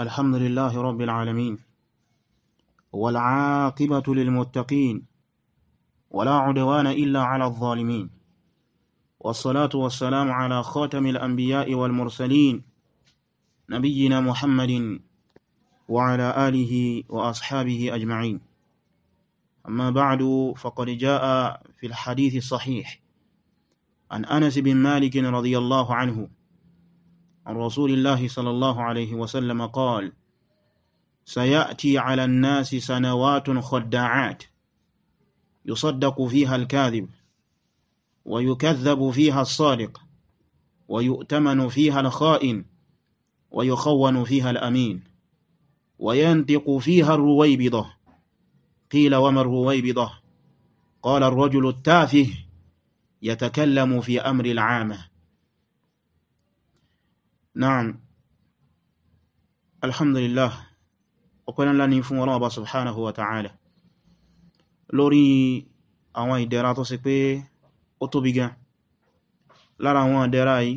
الحمد لله رب العالمين والعاقبة للمتقين ولا عدوان إلا على الظالمين والصلاة والسلام على خاتم الأنبياء والمرسلين نبينا محمد وعلى آله وأصحابه أجمعين أما بعد فقد جاء في الحديث الصحيح عن أنس بن مالك رضي الله عنه عن رسول الله صلى الله عليه وسلم قال سيأتي على الناس سنوات خداعات يصدق فيها الكاذب ويكذب فيها الصادق ويؤتمن فيها الخائن ويخون فيها الأمين وينطق فيها الرويبضة قيل وما الرويبضة قال الرجل التافه يتكلم في أمر العامة na'am alhamdulillah ọ̀pẹ́ ńlá ní fún Ọlọ́run Ọba subhanahu wa ta'ala lórí àwọn ìdẹ̀ra tó ṣe pé ó tóbi gan lára àwọn ìdẹ̀ra yìí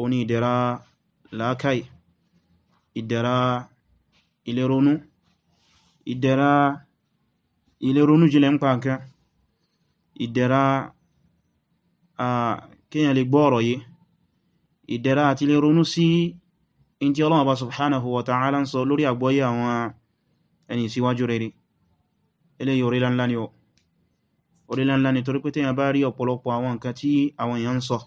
ó ní ìdẹ̀ra làákàí ìdẹ̀ra ìlérònú ìdẹ̀ra ìlérònú jílẹ̀ ń pa nǹkan kíyàn lè gbọ́ ọ̀rọ̀ yìí ìdẹ̀ra àti lè ronú sí in tí Ọlọ́run Ọba subhanahu wa ta'ala ń sọ lórí àgbọ́yé àwọn ẹni síwájú rere eléyìí orílẹ̀ ńlá ni ó orílẹ̀ ńlá ni torí pé téèyàn bá rí ọ̀pọ̀lọpọ̀ àwọn nǹkan tí àwọn èèyàn ń sọ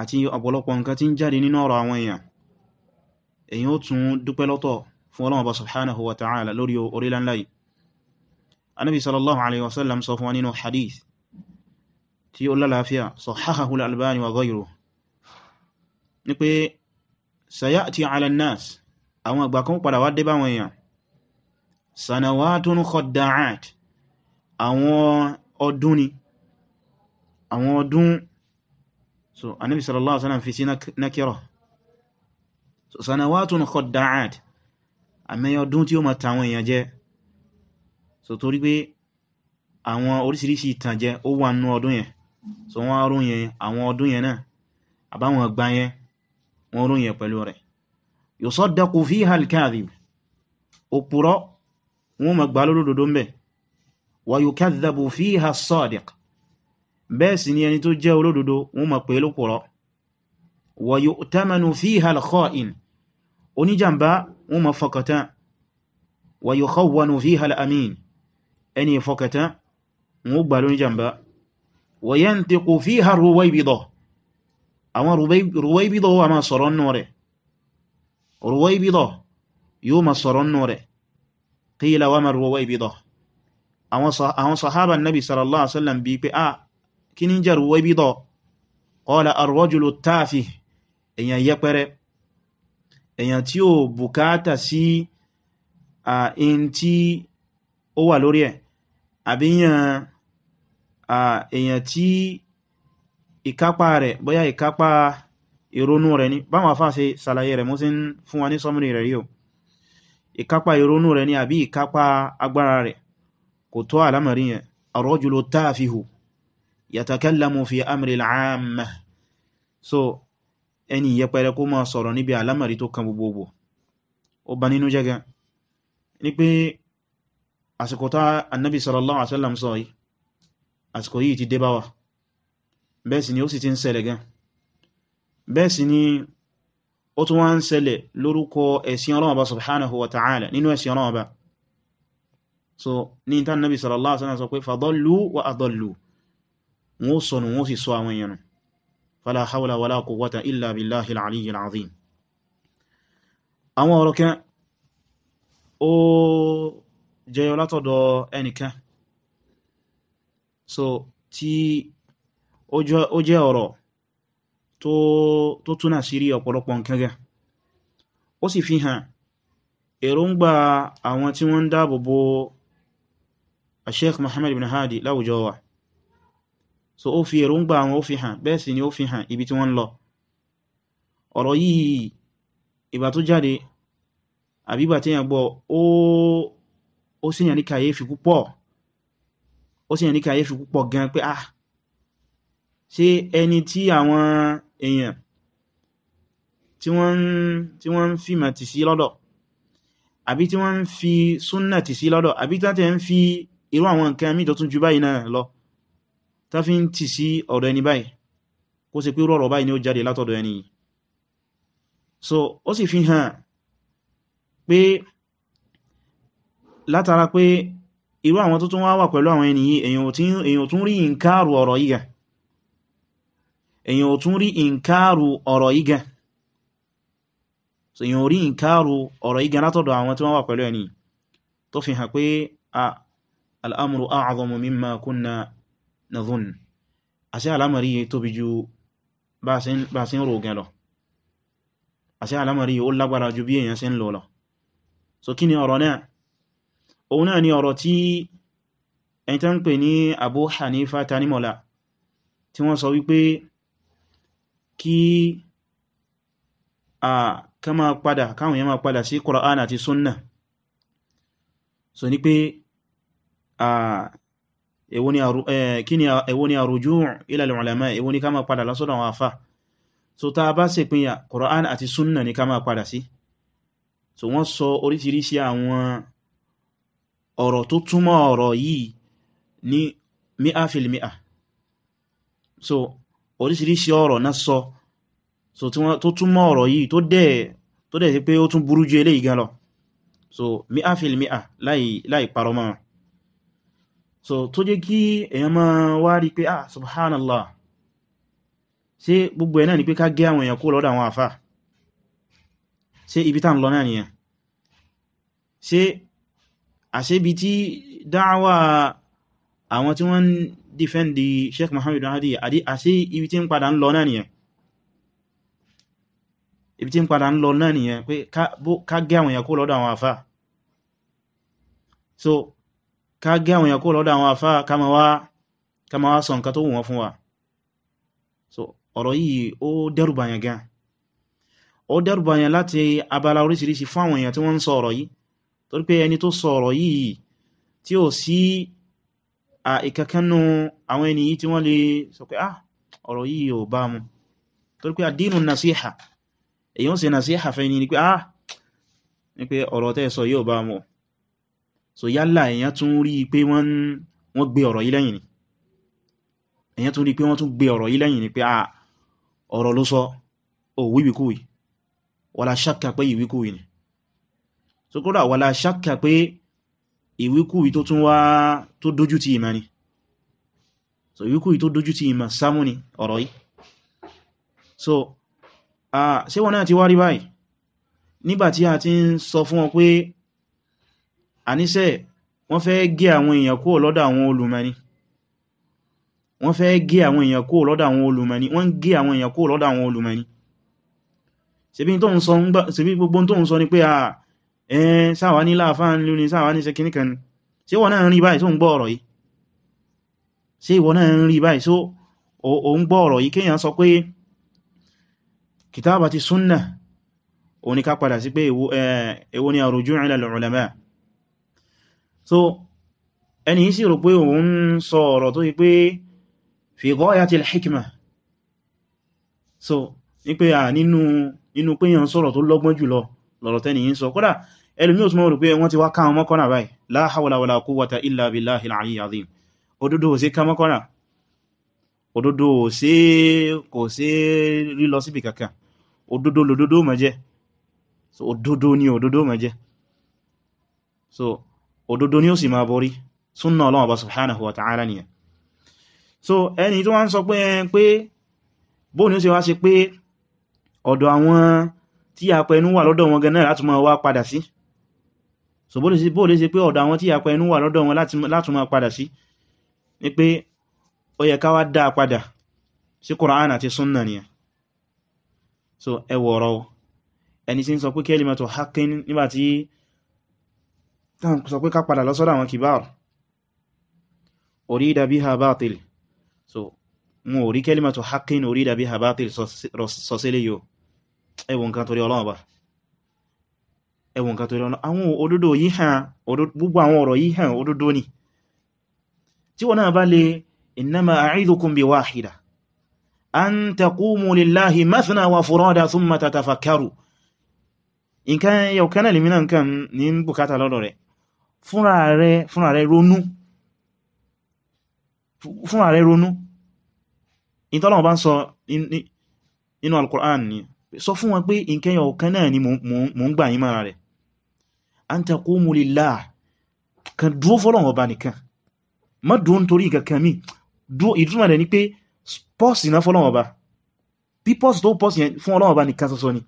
àti ọ̀pọ̀lọpọ̀ nǹkan tí ń jáde nínú ọ̀rọ̀ àwọn èèyàn èyàn ó tún dúpẹ́ lọ́tọ̀ lálàáfíà sahahahu al-Albani wa ghayruhu ní pé sayati ala nas àwọn ìgbà kan padà wá dé bá wọn èèyàn sanawatun khadda'at àwọn ọdún ni àwọn ọdún so anabi sallallahu alaihi wasallam fi sí nakira so sanawatun khadda'at àmẹ́yẹ ọdún tí ó ma tàwọn èèyàn jẹ so torí pé àwọn orísìírísìí ìtànjẹ ó wà nínú ọdún yẹn so wọ́n á ròyìn àwọn ọdún yẹn náà àbáwọn ìgbà yẹn wọ́n ròyìn pẹ̀lú rẹ̀ yusaddaqu fiha al-kadhib òpùrọ́ wọ́n ma gbà lódodo ń bẹ̀ wa yukadhabu fiha as-sadiq bẹ́ẹ̀ sì ni ẹni tó jẹ́ olódodo wọ́n ma pè lópùrọ́ wa yu'tamanu fiha al-kha'in oníjàmbá wọ́n ma fọkàtán wa yukhawwanu fiha al-amin ẹni fọkàtán wọ́n gbà lóníjàmbá wa yantiqu fiha ar-ruwaybida àwọn Ruwaybida wà máa sọ̀rọ̀ nù rẹ̀ Ruwaybida yóò máa sọ̀rọ̀ nù rẹ̀ qila wa ma Ruwaybida àwọn sahaba nabi sallallahu alaihi wasallam bi pé ah kí ní jẹ́ Ruwaybida qala ar-rajulu tafih èyàn yẹpẹrẹ èyàn tí ó bùkátà sí ààyìn tí ó wà lórí ẹ̀ àbíyàn èyàn tí ìkápá rẹ̀ bóyá ìkápá ìrónú rẹ̀ ní báwọn afá ṣe sàlàyé rẹ̀ mú sí fún wa ní sọmúrì rẹ̀ yíò ìkápá ìrónú rẹ̀ ní àbí ìkápá agbára rẹ̀ kò tó àlámàrí yẹn arrajulu tafihu yatakallamu fi amri al so ẹni yẹpẹrẹ kó máa sọ̀rọ̀ níbi àlámàrí tó kan gbogbogbò ó bà nínú jẹ́ ní pé àsìkò tá annabi sallallahu alaihi wasallam sọ yìí àsìkò yìí ti dé bẹ́ẹ̀ sì ni ó sì ti ń ṣẹlẹ̀ gan bẹ́ẹ̀ sì ni ó tún wá ń ṣẹlẹ̀ lórúkọ ẹ̀sìn Ọlọ́run subhanahu wa ta'ala nínú ẹ̀sìn Ọlọ́run so ní ìtàn nabi sallallahu alaihi wasallam sọ pé fadallu wa adallu wọn ó sọnù wọn ó sì sọ àwọn èèyàn fala hawla wala quwwata illa so tí o jẹ́ ọ̀rọ̀ tó túnà sí rí ọ̀pọ̀lọpọ̀ nǹkan ó sì fi hàn èròǹgbà àwọn tí wọ́n ń dáàbò bo ashek Muhammad bin Hadi láwùjọ wa so ó fi èròǹgbà àwọn ó fi hàn bẹ́ẹ̀ sì ni ó fi ibi tí wọ́n lọ ọ̀rọ̀ yìí ìgbà tó jáde àbígbà tí yàn gbọ́ ó sì yàn ní kàyéfì gan pé ah ṣe ẹni tí àwọn èèyàn tí wọ́n ń fi ìmọ̀ tì sí lọ́dọ̀ àbí tí wọ́n ń fi súnnà tì sí lọ́dọ̀ àbí tàbí ń fi irú àwọn nǹkan mí tó tún ju báyìí náà lọ tá fi ń tì sí ọ̀dọ̀ ẹni báyìí kó ṣe pé rọ̀rọ̀ báyìí ni ó jáde látọ̀dọ̀ ẹni yìí so ó sì fi hàn pé látara pé irú àwọn tó tún wá wà pẹ̀lú àwọn ẹni yìí èèyàn tún rí nǹkan àrù ọ̀rọ̀ yìí èyàn ò tún rí ìǹkáàrù ọ̀rọ̀ yìí gan so èyàn ò rí ìǹkáàrù ọ̀rọ̀ yìí gan látọ̀dọ̀ àwọn tí wọ́n wà pẹ̀lú ẹni tó fi hàn pé a al'amuru a'adhamu mimma kunna nadhun àṣẹ alamari tóbi ju bá sí ń rò gan lọ alamari ó lágbára ju bí èyàn sí lọ so kí ni ọ̀rọ̀ náà òun náà ni ọ̀rọ̀ tí ẹni tán pè ní Abu Hanifa tanimola tí wọ́n sọ wípé kí a kama padà káwọn èèyàn máa padà sí Qur'an àti Sunnah so ní pé a èwo ni èwo ni ar-ruju' ila al-ulama èwo ni ká máa padà lọ́sọ́dọ̀ àwọn àfà so ta bá ṣe pínyà Qur'an àti Sunnah ni ká máa padà sí so wọ́n sọ oríṣiríṣi àwọn ọ̀rọ̀ tó túmọ̀ ọ̀rọ̀ yìí ní mi'a fil mi'a so oríṣiríṣi ọ̀rọ̀ náà sọ tó túnmọ̀ ọ̀rọ̀ yìí tó dẹ̀ sí pé ó tún burú ju eléyìí gan lọ so mi'a fil mi'a láì parọ́ mọ́ so tó jẹ́ kí èyàn máa wá rí pé ah subhanallah ṣé gbogbo ẹ̀ ni pé ká gé àwọn èèyàn kó lọ́dọ̀ àwọn àfà ṣé ibi tá ń lọ náà nìyẹn ṣé tí dáwà àwọn tí wọ́n defend the Sheikh Muhammad Hadi àdí ibi tí ń padà ń lọ náà nìyẹn ibi tí ń padà ń lọ náà nìyẹn pé ká gé àwọn èèyàn kó lọ́dọ̀ àwọn àfá so ká gé àwọn èèyàn kó lọ́dọ̀ àwọn àfá ká ma wá sọ nǹkan tó wù wọ́n fún wa so ọ̀rọ̀ o ó dẹ́rùbàyàn gan ó dẹ́rùbàyàn láti abala oríṣiríṣi fún àwọn èèyàn tí wọ́n ń sọ ọ̀rọ̀ yìí torí pé ẹni tó sọ ọ̀rọ̀ yìí tí ó sí ìkẹkẹ́nú àwọn ènìyàn tí wọ́n lè sọ pé ah ọ̀rọ̀ yìí ò bá mu torí pé àdínù nasiha èyàn ṣe nasiha fẹ́ ni pé ah ní pé ọ̀rọ̀ tẹ́ sọ yìí ò bá mu so yálà èyàn tún rí pé wọ́n gbé ọ̀rọ̀ yìí lẹ́yìn ni pé ah ọ̀rọ̀ ló sọ ò wíwíkúwì wala shakka pé ìwíkúwì ni so kódà wala shakka pé ìwíkúwí tó tún wá tó dójú ti ìmá ni so ìwíkúwí tó dójú ti ìmá sámú ni ọ̀rọ̀ yìí so a ṣe wọ́n náà ti wá rí báyìí nígbàtí a ti ń sọ fún ọ pé àníṣẹ́ wọ́n fẹ́ gé àwọn èèyàn kúrò lọ́dọ̀ àwọn olùmọ̀ni wọ́n fẹ́ gé àwọn èèyàn kúrò lọ́dọ̀ àwọn olùmọ̀ni wọ́n ń àwọn èèyàn kúrò lọ́dọ̀ àwọn olùmọ̀ni ṣebí gbogbo tó ń sọ ni pé àà ẹn sáwà ní láàfáà lú ní sáwà ní sẹkìníkan ni wọ́n náà ń rí báyìí só ń gbọ́ ọ̀rọ̀ yìí ṣé ìwọ náà ń rí báyìí só o ń gbọ́ ọ̀rọ̀ yìí kéèyàn sọ pé kìtàbà ti súnnà o ní ká padà sí pé èwo ni àrùjú ila al-ulama yí pé sọ kódà ẹlùmí ò túnmọ̀ rò pé wọ́n ti wá káwọn mọ́kànlá báyìí la hawla wala quwwata illa billahi al-aliyyil azim òdodo ò sí ká mọ́kànlá òdodo ò sí kò sí lílọ síbi kankan òdodo lòdodo mọ̀ jẹ́ so òdodo ni òdodo mọ̀ ó sì máa borí súnnà Ọlọ́hun bá so bó lè ṣe pé ọ̀dọ̀ àwọn tí yapa ẹnu wà lọ́dọ̀ wọn látún máa padà sí ní pé ó yẹ ká wá dá padà sí Qur'an àti súnnà ni so ẹwọ̀ ọ̀rọ̀ ẹni tí ń sọ pé kalimatu haqqin nígbàtí sọ pé ká padà lọ́sọ́dọ̀ àwọn kìbáàrù orida biha batil so wọn ò rí kalimatu haqqin orida biha batil sọ sílé yóò ẹwọ̀ nǹkan torí Ọlọ́run ẹwọ̀n nǹkan tó rí ọ̀nà àwọn òdodo yìí hàn gbogbo àwọn ọ̀rọ̀ yìí hàn òdodo ni tí wọ́n náà bá lè innama a'idukum bi wahida an taqumu lillahi mathna wa furada thumma tatafakkaru nǹkan yọ̀kánà lè mìíràn kan an taqumu lillah kan dúó fọ́lọ̀wọ̀n ọba nìkan má dúó nítorí ìkankan mi ìdúnmà rẹ̀ ni pé pọ́ọ̀sì ná fọ́lọ̀wọ̀n ọba bí pọ́ọ̀sì tó pọ́ọ̀sì fún ọlọ́wọ̀n ọba nìkan sọ́sọ́ ni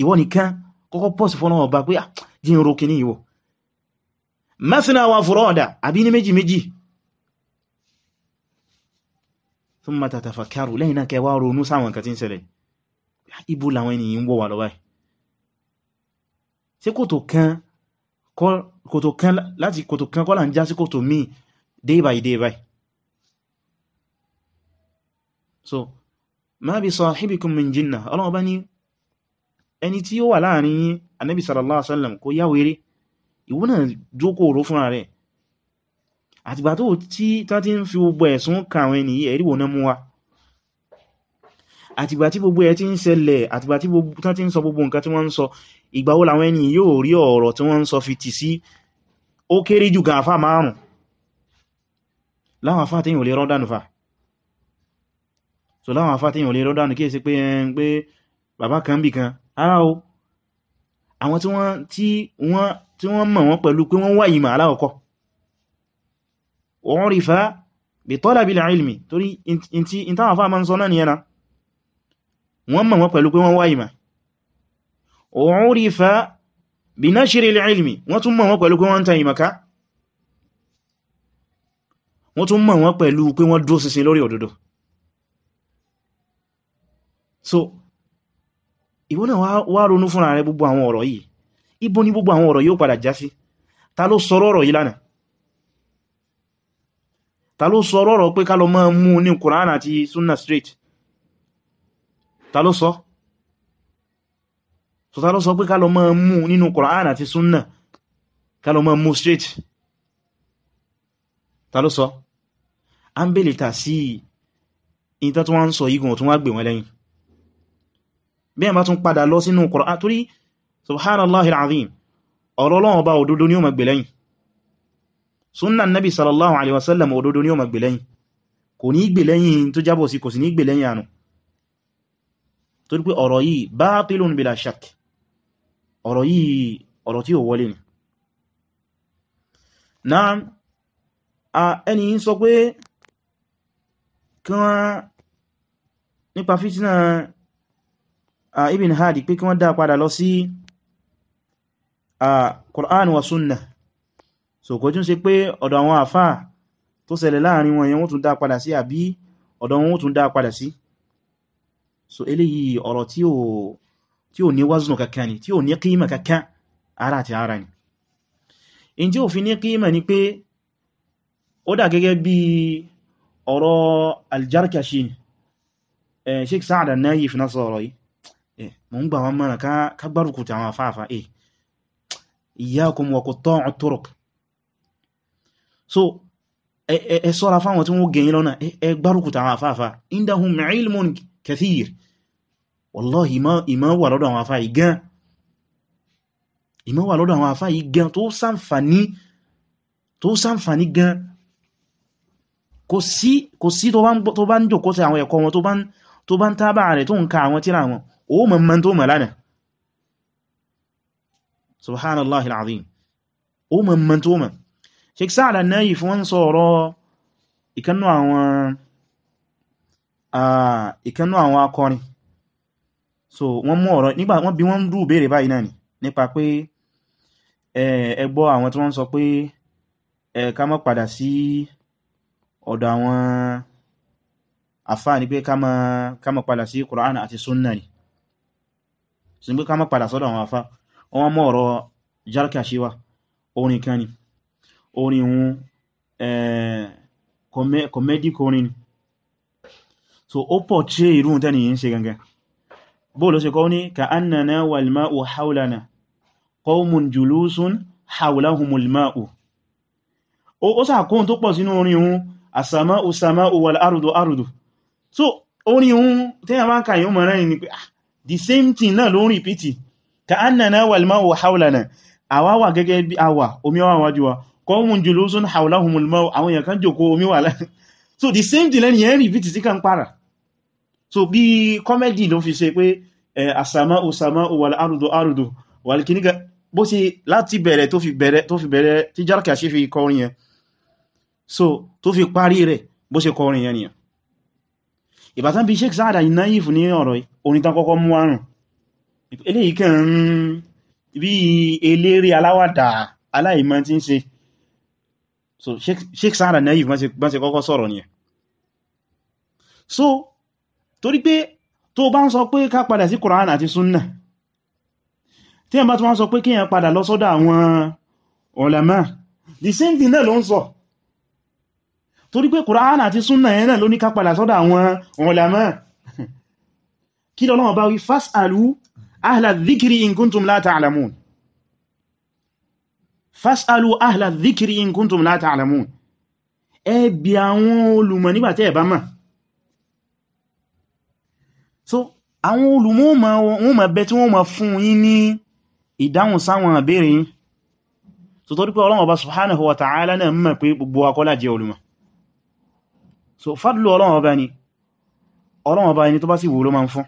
ìwọ nìkan kọ́kọ́ pọ́ọ̀sì fọ́lọ̀wọ̀n ọba pé ah, jí ń ro kíní ìwọ mathna wa furada àbí ní méjì méjì thumma tatafakkaru lẹ́yìn náà kẹwàá ronú sáwọn nǹkan tí ń ṣẹlẹ̀ ibo làwọn ènìyàn ń wọ̀ wà lọ́wọ́ yìí ṣé kòtò kan láti kòtò kan kọ́lá ń já sí kòtò míì day by day by so ma bi sahibikum min jinnah ọlọ́wọ́ bá ní ẹni tí ó wà láàrin yín anábi sallallahu alaihi wasallam kò yáwéré ìwọ náà jókòrò fúnra àtìgbà tó tí tá ti ń fi gbogbo ẹ̀sùn kàwẹ́ nìyí ẹ̀ríwò náà mú wa àtìgbà tí gbogbo ẹ ti ń ṣẹlẹ̀ àtìgbà tí wọ́n ti ń sọ gbogbo nǹkan tí wọ́n ń sọ ìgbà wo làwọn ẹni yóò rí ọ̀rọ̀ tí wọ́n ń sọ fi tì sí ó kéré jù gan àfá márùn láwọn àfá tíyàn ò lè rán dànù fà so láwọn àfá tíyàn ò lè rán dànù kí èsì pé ẹn pé bàbá kan bì kan ara o àwọn tí wọ́n tí wọ́n tí wọ́n mọ̀ wọ́n pẹ̀lú pé wọ́n wà ìmọ̀ aláwọ̀kọ́ wọ́n rí fa bi talabil ilmi torí in táwọn àfá máa ń sọ náà nìyẹn náà wọ́n mọ̀ wọ́n pẹ̀lú pé wọ́n wá ìmọ̀ urifa bi nashri al-ilmi wọ́n tún mọ̀ wọ́n pẹ̀lú pé wọ́n ń ta ìmọ̀ká wọ́n tún mọ̀ wọ́n pẹ̀lú pé wọ́n dúró ṣinṣin lórí òdodo so ìwọ náà wá ronú fúnra rẹ gbogbo àwọn ọ̀rọ̀ yìí ibo ni gbogbo àwọn ọ̀rọ̀ yóò padà já sí ta ló sọ̀rọ̀ ọ̀rọ̀ yìí lánàá ta ló sọ̀rọ̀ ọ̀rọ̀ pé ká lọ máa mú ní Kùránì àti Sunna straight ta ló sọ so ta ló sọ pé ká lọ máa mú nínú Qur'an àti súnnà ká lọ máa mú straight ta ló sọ a ń bèèrè tà sí ìtọ́ tó wọ́n ń sọ igun tó wá gbè wọ́n lẹ́yìn bí i tún padà lọ sínú Qur'an torí subhanallahi alazim ọ̀rọ̀ Ọlọ́run ọba òdodo ni ó gbè lẹ́yìn súnnà nabi sallallahu alaihi wasallam òdodo ni ó máa gbè lẹ́yìn kò ní gbè lẹ́yìn tó jábọ̀ sí kò sí ní gbè lẹ́yìn àrùn torí pé ọ̀rọ̀ yìí bátilun bila shak ọ̀rọ̀ yìí ọ̀rọ̀ tí ó wọlé ni na a ẹni sọ pé kán nípa fìtínà a Ibn Hadi pé kí wọ́n dá padà lọ sí a Qur'an wa sunnah so kò tún ṣe pé ọ̀dọ̀ àwọn àfáà tó ṣẹlẹ̀ láàrin wọn yẹn wọ́n tún dá padà sí àbí ọ̀dọ̀ wọn tún dá padà sí si so eléyìí ọ̀rọ̀ tí ó tí ó ní wazno kankan ni tí ó ní kíma kankan ara àti ara ni in tí ó fi ní kíma ni pé ó dà gẹ́gẹ́ bí ọ̀rọ̀ aljarkashi eh, sheik sa'ad annayi fi nasa ọ̀rọ̀ yìí eh, mo ń gbà wọn mọ́ra ká gbárùkù ti àwọn afáfá eh, iyyakum wa qutta'u turuq so ẹ ṣọ́ra fáwọn tí wọ́n kathir wallahi ìmọ̀ wà lọ́dọ̀ àwọn afá igán ìmọ̀ wà lọ́dọ̀ àwọn afá igán tó ṣàǹfàní tó ṣàǹfàní gan kò sí kò sí tó bá ń jòkó sí àwọn ẹ̀kọ́ wọn tó bá ń tábà rẹ̀ tó ń ka àwọn tíra wọn ó mọ̀ mọ́ tó mọ̀ lánàá subhanallahi alazim ó mọ̀ mọ́ tó mọ̀ ìkẹ́nú àwọn akọrin so wọ́n mú ọ̀rọ̀ nígbà wọ́n bí wọ́n rú bèèrè báyìí náà ni nípa pé ẹ gbọ́ àwọn tí wọ́n sọ pé ẹ padà sí ọ̀dọ̀ àwọn àfáà pé ká padà sí àti Sunna ni sí pé ká padà sọ́dọ̀ àwọn wọ́n mú ọ̀rọ̀ orin kan ni orin so ó pọ̀ tí irú tẹ́ni yìí ń ṣe gangan bó ló ṣe kọ́ ní ka annana wal ma'u hawlana qawmun julusun hawlahumul ma'u ó sàkóhun tó pọ̀ sínú orin hun as-sama'u sama'u wal ardu ardu so orin hun tẹ́yà máa ka yíò mọ̀rán ni pé ah, the same thing náà ló ń rìpítì ka annana wal ma'u hawlana àwa wà gẹ́gẹ́ bí àwa omi wà wájú wa qawmun julusun hawlahumul ma'u àwọn èèyàn kan jòkó omi wà láti so the same thing lẹ́ni yẹn rìpítì sí kan para so bí kọ́mẹ́dì ló fi ṣe pé àsàmá òsàmá wal ardu ardu wal kìníkà bó ṣe láti bẹ̀rẹ̀ tó fi bẹ̀rẹ̀ tó fi bẹ̀rẹ̀ tí járkà ṣe fi kọrin yẹn so tó fi parí rẹ̀ bó ṣe kọrin yẹn nìyàn ìbátan bí Sheikh Saada naif ní ọ̀rọ̀ orin tán kọ́kọ́ mú àrùn eléyìí kàn bí eléré aláwàdà aláìmọ́ tí ń ṣe so Sheikh Saada naif bá ṣe so torí pé tó bá ń sọ pé ká padà sí Kùránì àti súnnà tí ẹ̀mà tó wọ́n sọ pé kí èyàn padà lọ sọ́dọ̀ àwọn ulama the same thing náà ló ń sọ torí pé Kùránì àti súnnà yẹn náà ló ní ká padà sọ́dọ̀ àwọn ulama kí lọ́lọ́wọ́ bá wí fas'alu ahla dhikri in kuntum la ta'lamun fas'alu ahla dhikri in kuntum la ta'lamun àwọn olùmọ̀ nígbà tẹ́ ẹ so àwọn olùmọ̀ wọn ma bẹ tí wọ́n ma fún yín ní ìdáhùn sáwọn àbẹ́rẹ̀ yín so torí pé Ọlọ́run Ọba subhanahu wa ta'ala náà mọ̀ pé gbogbo akọ́lá jẹ́ olùmọ̀ so fadlu Ọlọ́run Ọba ni Ọlọ́run Ọba ni tó bá sì wù ló ma ń fún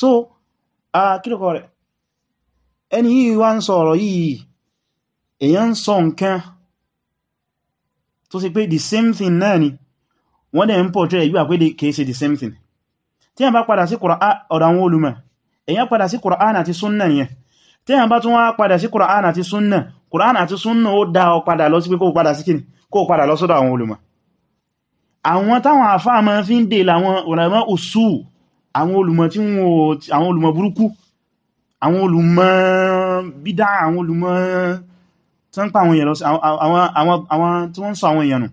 so a kílùkọ rẹ̀ ẹni yìí wá ń sọ ọ̀rọ̀ yìí èyàn ń sọ nǹkan tó sì the same thing na ni wọ́n dẹ̀ ń pọ̀ tẹ́ ìgbà pé kìí ṣe the same thing tí yàn bá padà sí ah, ọ̀dọ̀ àwọn olùmọ̀ èyàn padà sí Kùránì àti súnnà nìyẹn tí yàn bá tún wá padà sí Kùránì àti súnnà Kùránì àti súnnà ó dá ọ padà lọ sí pé kó padà sí kíni kó padà lọ sọ́dọ̀ àwọn olùmọ̀ àwọn táwọn àfáà máa fi ń dè láwọn ọ̀rẹ́mọ́ òsù àwọn olùmọ̀ tí wọ́n àwọn olùmọ̀ burúkú àwọn olùmọ̀ bídá àwọn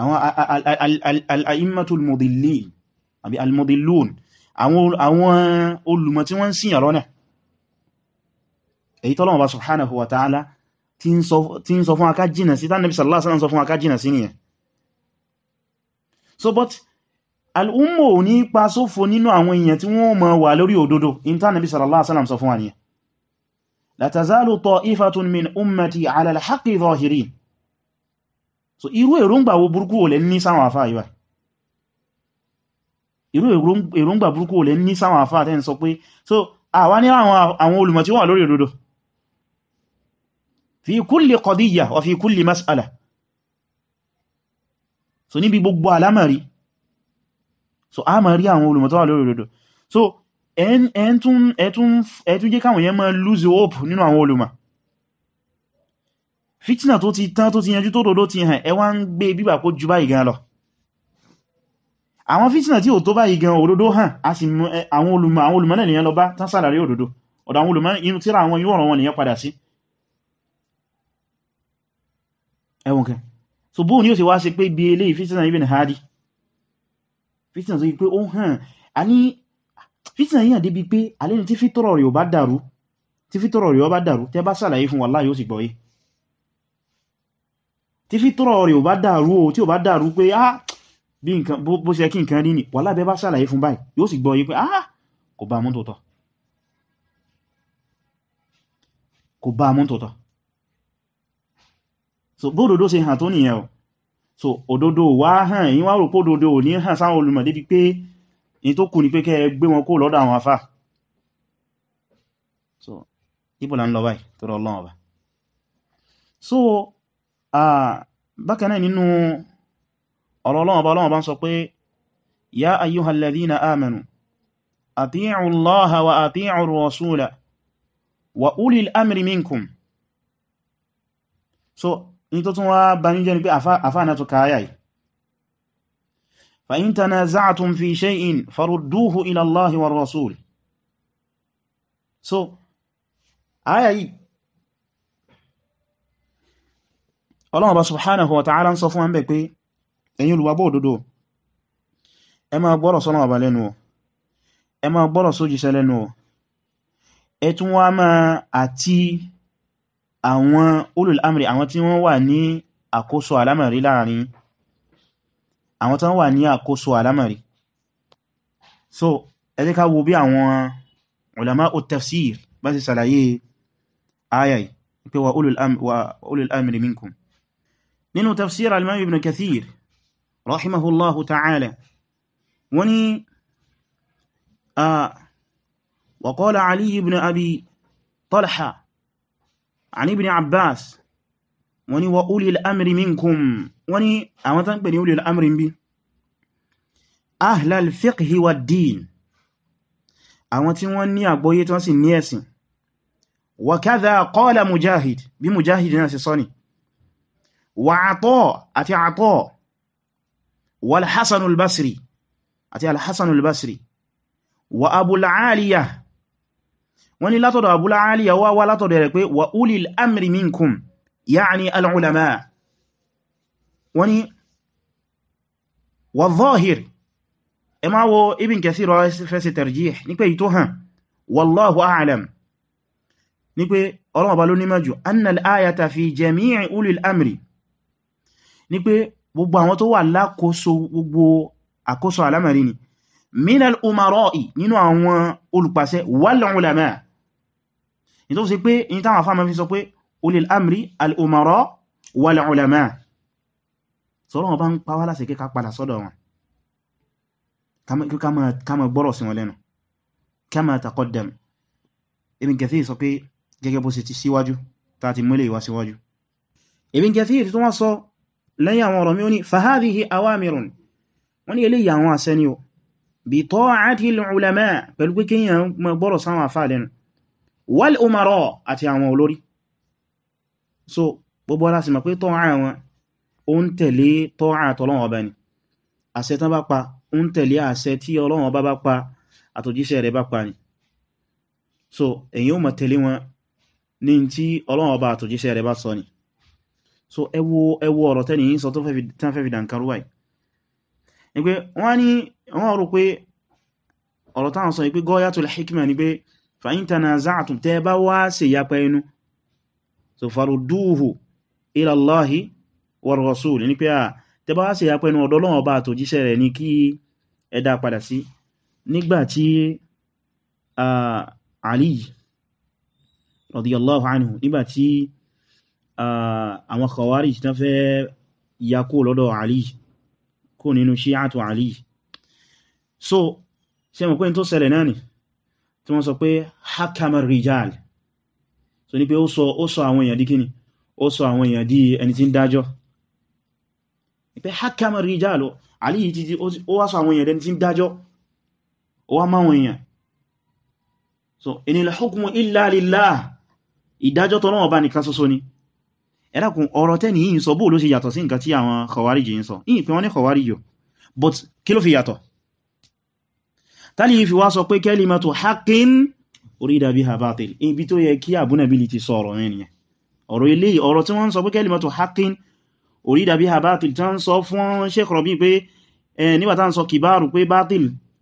àwọn al'aimatul mudilli àbí al-mudillun àwọn olùmọ̀ tí wọ́n ń sìn àrọ́nà èyí tọ́lọ́wọ́ bá subhanahu wa ta'ala tí ń sọ fún aká jìnà sí tánàbí sallallahu alaihi wasallam sọ fún aká jìnà sí nìyẹn so but al'ummo ní pa sófò nínú àwọn èèyàn tí wọ́n mọ̀ wà lórí òdodo in tánàbí sallallahu alaihi wasallam sọ fún wa nìyẹn la tazalu ta'ifatun min ummati ala al-haqqi zahirin so irú èròǹgbà wo burúkú olè ní sáwọn àfáà yíwa irú èròǹgbà burúkú olè ní sáwọn àfáà tẹ́ ń sọ pé so àwa ní àwọn olùmọ̀ tí wọ́n lórí òdodo fi kulli qadiyya wa fi kulli mas'ala so níbi gbogbo alámàrí so a máa rí àwọn olùmọ̀ tó wà lórí òdodo so ẹ̀ẹ́tún jẹ́ káwọn yẹn máa lose hope nínú àwọn olùmọ̀ fitna tó ti tán tó ti yanjú tó dòdó ti hàn ẹ wá ń gbé bíbà kó ju báyìí gan lọ àwọn fitna tí ò tó báyìí gan òdodo hàn a sì mú àwọn olùmọ̀ àwọn olùmọ̀ náà nìyẹn lọ bá tán sàlàrí òdodo ọ̀dọ̀ àwọn olùmọ̀ inú tíra àwọn yíò ràn wọn nìyẹn padà sí ẹwọn kan so bóun ni ó sì wá ṣe pé bí eléyìí fitna ibn hadi fitna tó yí pé ó hàn a ní fitna yíyàn débi pé alẹ́ni tí fítọ̀rọ̀ rẹ̀ ò bá dàrú tí fítọ̀rọ̀ rẹ̀ ò bá dàrú tẹ́ bá sàlàyé fún wàlláhì ó sì gbọ́yé tí fítọ́rọ̀ rẹ̀ ò bá dàrú o tí ò bá dàrú pé ah bí nǹkan bó ṣe kí nǹkan rí ni wà lábẹ́ bá ṣàlàyé fún báyìí yóò sì gbọ́ yí pé ah kò bá mún tòótọ́ kò bá mún tòótọ́ so bódodo ṣe hàn tó nìyẹn o so òdodo wá hàn yí wá rò pó ò ní hàn sáwọn olùmọ̀ débi pé in tó kù ni pé kẹ́ ẹ gbé wọn kó lọ́dọ̀ àwọn afá so ibo ń lọ báyìí tó rọ ọlọ́run ọba so bákanáà nínú ọ̀rọ̀ Ọlọ́run Ọba Ọlọ́run bá ń sọ pé ya ayyuhal ladhina amanu ati'u Allaha wa ati'u ar-rasula wa ulil amri minkum so ní tó tún wá bá ní jẹ́ ni pé àfáànà tó káyà yìí fa fi shay'in farudduhu ila Allahi so aya ọlọ́run bá subhanahu wa ta'ala ń sọ fún ẹ̀mẹ́ pé ẹ̀yin olùwàbọ̀ òdodo ẹ máa gbọ́rọ̀ sọ́nà ọba lẹ́nu o ẹ máa gbọ́rọ̀ sójíṣẹ́ lẹ́nu o ẹ tún wá máa àti àwọn ulul àwọn tí wọ́n wà ní àkóso alámàrí láàrin àwọn tán wà ní àkóso so ẹ jẹ́ ká wo bí àwọn ulama ut-tafsir bá sì ṣàlàyé ayayi pé wa ulul amri minkum منه تفسير الإمام ابن كثير رحمه الله تعالى وني آه، وقال علي بن أبي طلحة عن ابن عباس وني وأولي الأمر منكم وني أمتن بني أولي الأمر بي أهل الفقه والدين أمتن وني أبويت وسن نيسن وكذا قال مجاهد بمجاهد ناس صنيه wà àtọ́ àti àtọ́ wà alhassan albasri àti alhassan albasri wà abúláàlìyà wọ́n ni látọ̀dọ̀ abúláàlìyà wá wá látọ̀dọ̀ rẹ̀ pé wà ulil amri minkum ya'ni al'ulama wọ́n ni wà zọ́hìr ẹ máa wo ibn kathir rọ fẹ́sì tarjih ní pé ìtó hàn wallahu a'lam ní pé ọlọ́mọ̀bá ló ní mẹ́jù annal ayata fi jami'i ulil amri ní pé gbogbo àwọn tó wà lákòóso gbogbo àkóso alámàrí ni minal umara'i nínú àwọn olùpàṣẹ wal ulama ní tó sì pé ní táwọn afáàmà fi sọ pé ulil amri al umara wal ulama sọ́rọ̀ wọn bá ń pàwà láti kíkà padà sọ́dọ̀ wọn kama gbọ́rọ̀ sí wọn lẹ́nu kama taqaddam Ibn Kathir sọ pé gẹ́gẹ́ bó ṣe ti síwájú tàti múlẹ̀ ìwá síwájú Ibn Kathir tó wọ́n sọ lẹ́yìn àwọn ọ̀rọ̀ mi ó ní fahadihi awamirun wọ́n ní eléyìí àwọn àṣẹ ni bí ta'ati al-ulama pẹ̀lú pé kíyàn mọ gbọ́rọ̀ sáwọn àfáà lẹ́nu wal umara àti àwọn olórí so gbogbo ara sì mọ̀ pé tọ́wọ́ ni ni so ni so ẹwọ ẹwọ ọ̀rọ̀ tẹ́ni yí sọ tó fẹ́ fi dànkarú wáyìí pé wọ́n ní wọ́n rò pé ọ̀rọ̀ táwọn sọ pé hikma pé fa in tanaza'tum tẹ́ bá wá ṣe so ila Allahi war rasul ni pé à tẹ́ bá wá ṣe yapa ẹnu ọ̀dọ̀ Ọlọ́run Ọba àtòjíṣẹ́ rẹ̀ ni ẹ àwọn khawarij tán fẹ́ ya kó lọ́dọ̀ Ali kó nínú shi'atu Ali so ṣe mọ̀ pé tó ṣẹlẹ̀ náà ni tí wọ́n sọ pé hakama rijal so ní pé ó sọ àwọn èèyàn di kíni ó sọ àwọn èèyàn di ẹni tí ń dájọ́ pé hakama rijal Ali so inil hukmu illa lillah ìdájọ́ tọ́lọ́wọ́ bá nìkan ṣoṣo ni ẹ̀dàkùn ọ̀rọ̀ tẹ́ nìyí sọ bóò ló ṣe yàtọ̀ sí nǹkan tí àwọn kọwàríjì ń sọ yìí pé wọ́n ní kọwàríjì but kí ló fi yàtọ̀ tàbí fi wá sọ pé kalimatu haqqin urida biha batil ibi tó yẹ kí àbúnàbílì ti sọ ọ̀rọ̀ yẹn ọ̀rọ̀ ilé ọ̀rọ̀ tí wọ́n ń sọ pé kalimatu haqqin urida biha batil tán sọ fún Sheikh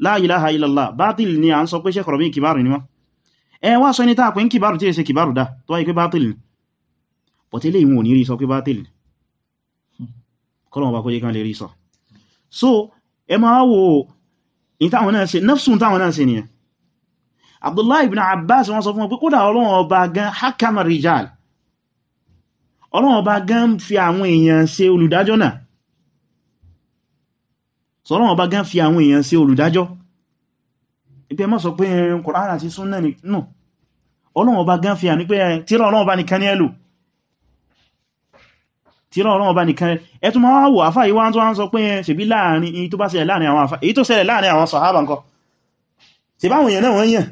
la ilaha ni à ń sọ pé ni wọ́n ẹ wá sọ ní tàà pé ń kìbáàrù tí è ṣe kìbáàrù but ilé ìwọ̀n ní rí sọ pé bá tèlì hmm. kọ́lọ̀wọ̀ bá kó jẹ́ kan lè rí sọ so ẹ máa wo ìtàwọn náà ṣe nafsun táwọn náà ṣe nìyàn Abbas wọ́n sọ fún pé hakama rijal Ọlọ́run ọba gan fi àwọn èèyàn ṣe olùdájọ́ náà so Ọlọ́run ọba gan fi àwọn èèyàn ṣe olùdájọ́ ìpé mọ́ sọ pé Kùránì àti Sunnah nù Ọlọ́run ọba gan ní pé tíra Ọlọ́run ọba ní ẹlù tí rán ọlọ́wọ́ bá nìkan ẹ̀tún máa wò àfá ìwá tó wọ́n sọ pé ṣèbí láàrin èyí tó bá ṣẹlẹ̀ láàrin àwọn àfá èyí tó ṣẹlẹ̀ láàrin àwọn sàhábà nǹkan ṣe bá àwọn èèyàn náà wọ́n yàn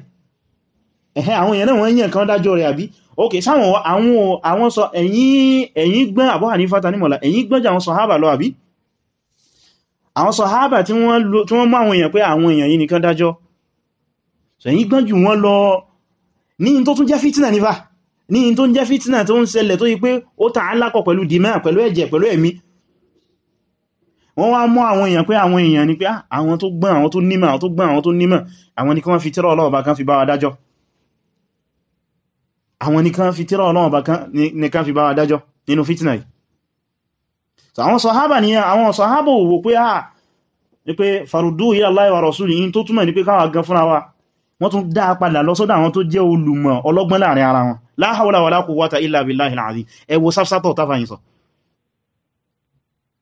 ẹ̀hẹ́ àwọn èèyàn náà wọ́n yàn kan dájọ́ rẹ̀ àbí ok sáwọn àwọn sọ ẹ̀yìn gbọ́n àbọ́ hàní fata nímọ̀lá ẹ̀yìn gbọ́n jà àwọn sàhábà lọ àbí àwọn sàhábà tí wọ́n mú àwọn èèyàn pé ní tó ń jẹ́ fitna tó ń ṣẹlẹ̀ tó yí pé ó ta alákọ̀ pẹ̀lú dìmá pẹ̀lú ẹ̀jẹ̀ pẹ̀lú ẹ̀mí wọ́n wá mọ́ àwọn èèyàn pé àwọn èèyàn ni pé ah, àwọn tó gbọ́n àwọn tó nímọ̀ àwọn tó gbọ́n àwọn tó nímọ̀ àwọn ni kán fi tírà Ọlọ́run bá kán fi bá wa dájọ́ ni kán fi tírà Ọlọ́run bá kán fi bá wa dájọ́ nínú fitna yìí so àwọn sàhábà ni àwọn sàhábà wò pé ah ni pé farudú ila Allahi wa rasuli tó túmọ̀ ni pé káwà gan fúnra wa wọ́n tún dá padà lọ sọ́dọ̀ àwọn tó jẹ́ olùmọ̀ ọlọ́gbọ́n láàrin ara wọn la hawla wala quwwata illa billahi al-azim ẹ wo sáfsátọ̀ táfàyín sọ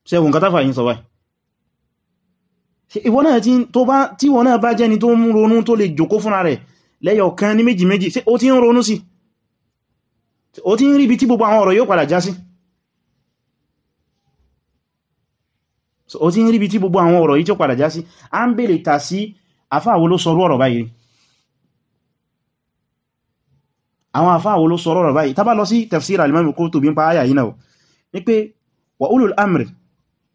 ṣẹ́wọ̀n ká táfàyín sọ wáyìí ìwọ náà tí wọ́n náà bá jẹ́ ni tó ń ronú tó lè jókòó fúnra rẹ̀ lẹ́yọ̀ kan ní méjì méjì ó ti ń ronú sí ó ti ń rí ibi tí gbogbo àwọn ọ̀rọ̀ yóò padà já sí ó padà já sí a ń bèèrè tà sí àfáàwó ló sọrú ọ̀rọ̀ báyìí àwọn àfáà wo ló sọ ọ̀rọ̀ báyìí tá bá lọ sí tafsir al-imam Qurtubi nípa àyà yìí náà ní pé wa ulul amri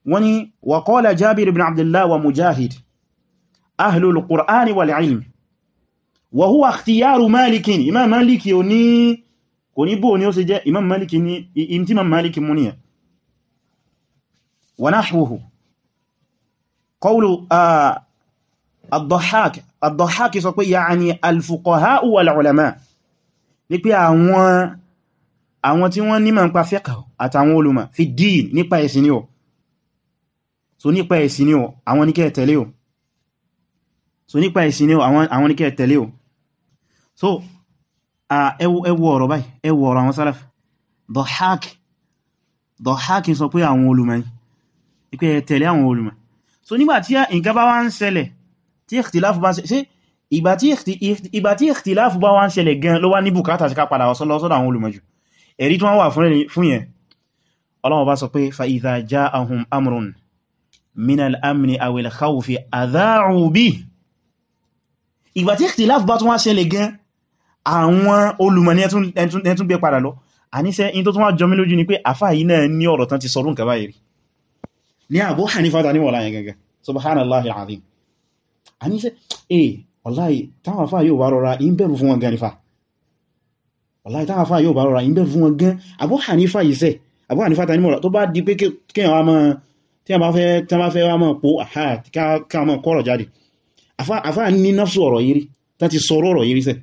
wọ́n ni wa qala Jabir ibn Abdullah wa Mujahid ahlul Qur'ani wal ilmi wa huwa ikhtiyaru Malikin imam Maliki o tí imam al-fuqaha wal ulama' ní pé àwọn tí wọ́n nímọ̀ nípa fiqh àtàwọn olùmọ̀ fi dín nípa ẹ̀sìn ni o so nípa ẹ̀sìn ni o àwọn ní kẹ́ tẹ̀lé o so nípa ẹ̀sìn ni o àwọn ní kẹ́ tẹ̀lé o so ẹwọ ọ̀rọ̀ báyìí ẹwọ ọ̀rọ̀ àwọn salaf Dhahhak Dhahhak sọ pé àwọn olùmọ̀ ni pé tẹ̀lé àwọn olùmọ̀ so nígbà tí nǹkan bá ìgbà tí ìkhtiláfù bá wá ń ṣẹlẹ̀ gan ló wá ní bùkátà sí ká padà wá sọ́dọ̀ àwọn olùmọ̀jù ẹ̀rí tó wà fún yẹn Ọlọ́hun bá sọ pé fa idha ja'ahum amrun minal amni awil khawfi adha'u bihi ìgbà tí ìkhtiláfù bá tún wá ṣẹlẹ̀ gan àwọn olùmọ̀ ní ẹtún gbé padà lọ àníṣẹ́ in tó tún wá jọmí lójú ni pé àfáà yìí náà ní ọ̀rọ̀ tán ti sọrún kaba yìí ní Abu Hanifa ta ní wọ̀lá yẹn wàláì táwọn àfáà yóò bá rọra in bẹ̀rù fún wọn gan nífà wàláì táwọn àfáà yóò bá rọra in bẹ̀rù fún wọn gan Abu Hanifa yìí sẹ́ Abu Hanifa ta ní mọ̀lá tó bá di pé kéèyàn wá mọ́ tí wọ́n bá fẹ́ wá mọ́ po àhá ká mọ́ kọ́rọ̀ jáde àfáà ní nafsu ọ̀rọ̀ yìí rí tá ti sọ̀rọ̀ ọ̀rọ̀ yìí rí sẹ́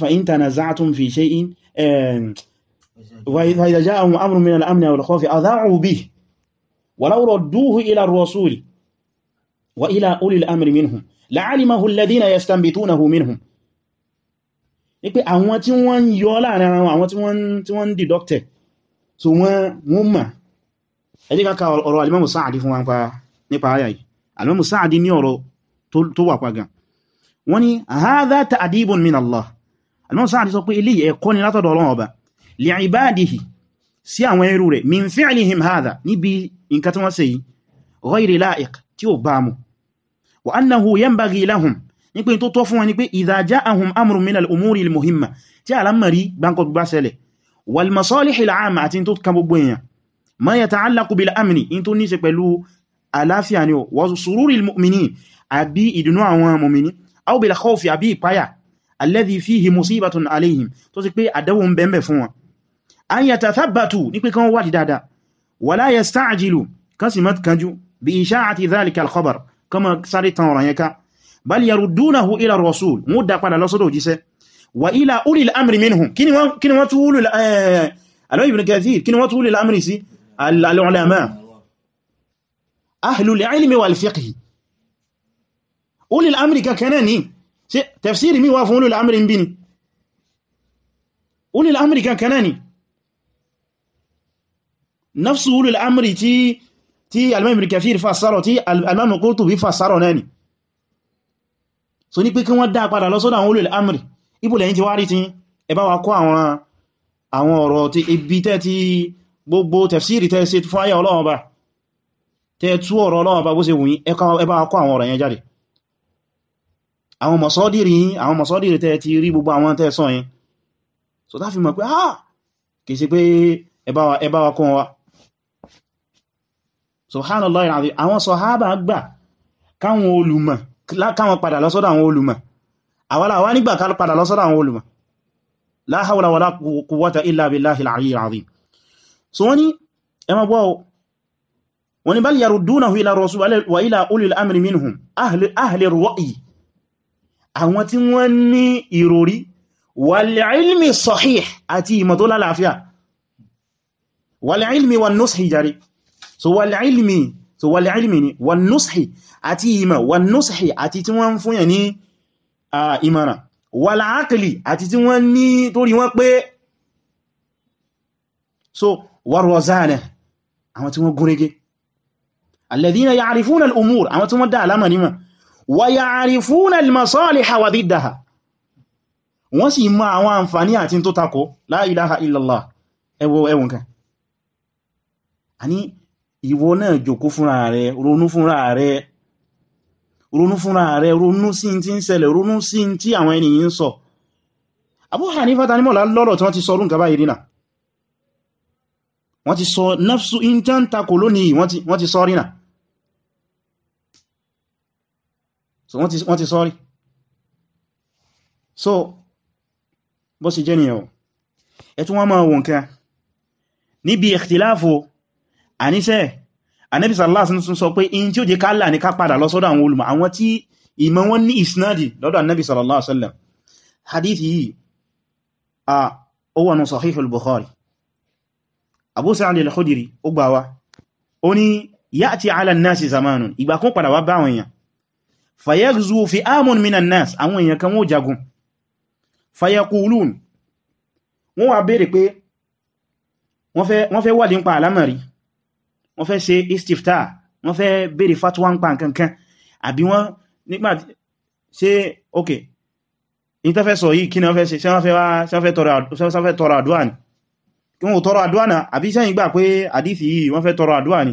fa in tanaza'tum fi shay'in eh, wa idha ja'ahum amrun min al-amni aw al-khawfi adha'u bihi wa law radduhu ila ar-rasuli la'alimahu alladhina yastanbitunahu minhum ní pé àwọn tí wọ́n ń yọ láàrin ara wọn àwọn tí wọ́n ń deducted so wọ́n mọ̀ ẹjẹ́ kaka ọ̀rọ̀ alimamu sáàdì fún wọn nípa ayà yìí alimamu sáàdì ní ọ̀rọ̀ tó wà pàgán wọ́n ni hadha ta'dibun min Allah alimamu sáàdì sọ pé ilé ẹ̀kọ́ ni wa annahu yanbaghi lahum ní pé tó tọ́ fún wọn ní pé idha ja'ahum amrun min al-umuri al-muhimma tí àlámọ̀rí gbáǹkọ̀ gbá ṣẹlẹ̀ wal masalih al-'amma àti tó kan gbogbo èèyàn ma yata'allaqu bil amni in tó ní ṣe pẹ̀lú àláfíà ni ó wa sururi al-mu'minin àbí ìdùnnú àwọn mu'mini aw bil khawfi àbí ìpáyà alladhi fihi musibatun alayhim tó sì pé àdáwò ń bẹ̀m̀bẹ̀ fún wọn an yatathabbatu ní pé kan wà dáadáa wala yasta'jilu kan sì bi isha'ati dhalika al-khabar kama sáré tan ọ̀rọ̀ yẹn ká bal yarudunahu ila rasul muda pada lo sodo jise wa ila ulil amri minhum kini wa kini wa wọ́n túwúlù alay ibn kathir kini wa wọ́n al amri sí al ulama ahlu al ilmi wal fiqhi ulil amri ka kanani si tafsiri mi wá fún al amri bin ni ulil amri ka kanani nafsu ulil amri ti tí alimami ibn Kathir fàṣàrọ̀ tí alimami Qurtubi fàṣàrọ̀ náà ni so ní pé kí wọ́n dá padà lọ sọ́dọ̀ àwọn ulul amri ibò lẹ́yìn ti wá rí ti ẹ wa kó àwọn ọ̀rọ̀ ti ibi tẹ́ ti gbogbo tafsiri tẹ́ ṣe fún ayà Ọlọ́run bá tẹ́ tú ọ̀rọ̀ Ọlọ́run bá bó ṣe wùnyí ẹ bá wa kó àwọn ọ̀rọ̀ yẹn jáde àwọn mọ̀sọ́dìrì àwọn mọ̀sọ́dìrì tẹ́ ti rí gbogbo àwọn tẹ́ ah! kìí ṣe pé ẹ bá wa subhanallah ìrìnàdì àwọn sọ̀hábà gbà káwọn olùmọ̀ káwọn padà lọ́sọ́dọ̀ àwọn olùmọ̀ àwọ́lá wá nígbà ká padà lọ́sọ́dọ̀ àwọn olùmọ̀ la hawla wala quwwata illa billahi al-aliyyil azim so wani ẹmọ gbọ́ wani bal yaruddunahu ila rasul wa ila ulil amri minhum ahli ahli ar-ra'yi àwọn tí wọ́n ní ìròrí wal ilmi sahih àti ìmọ̀ tó lálàáfíà wal ilmi wan nushi jari so wal ilmi so wal ilmi ni wal nushi àti ìmọ̀ wal nushi àti tí wọ́n ń fún yẹn ní ìmọ̀ràn wal aqli àti tí wọ́n ní torí wọ́n pé so war razana àwọn tí wọ́n gúnrégé alladhina ya'rifuna al-umur àwọn tí wọ́n dá alama nima wa ya'rifuna al-masaliha wa diddaha wọ́n sì mọ̀ àwọn àǹfààní àti tó ìwọ náà jòkó fúnra rẹ̀ ronú fúnra rẹ̀ ronú fúnra rẹ̀ ronú sí tí ń ṣẹlẹ̀ ronú sí tí àwọn ènìyàn sọ Abu Hanifa ta nímọ̀lá lọ́rọ̀ tí wọ́n ti sọ rún gaba ìrìnà wọ́n ti sọ nafsu intanta koloni wọ́n ti sọ rínà so wọ́n ti sọ rí so bó sì jẹ́ nìyàn ẹ̀tún wọ́n máa wọ̀nkẹ́ àníṣẹ́ Ànábì sallallahu alaihi wasallam sọ pé in tí ó jẹ́ kálà ní ká padà lọ sọ́dọ̀ àwọn olùmọ̀ àwọn tí ìmọ̀ wọn ní ìsinadi lọ́dọ̀ Ànábì sallallahu alaihi wasallam hadithi yìí a ó wà ní Sahih al-Bukhari Abu Sa'id al-Khudri ó gbà wá ó ní ya'ti 'ala an-nasi zamanun ìgbà kan padà wá bá àwọn èèyàn fayaghzu wọ́n fẹ́ ṣe istifta wọ́n fẹ́ bèèrè fatuwa ń pa nkankan àbí wọ́n nígbà ṣe ok in tẹ́fẹ́ sọ yìí kí ni wọ́n fẹ́ ṣe ṣe wọ́n fẹ́ tọrọ àdúwà ni kí wọ́n tọrọ àdúwà náà àbí sẹ́yìn gbà pé àdífì yìí wọ́n fẹ́ tọrọ àdúwà ni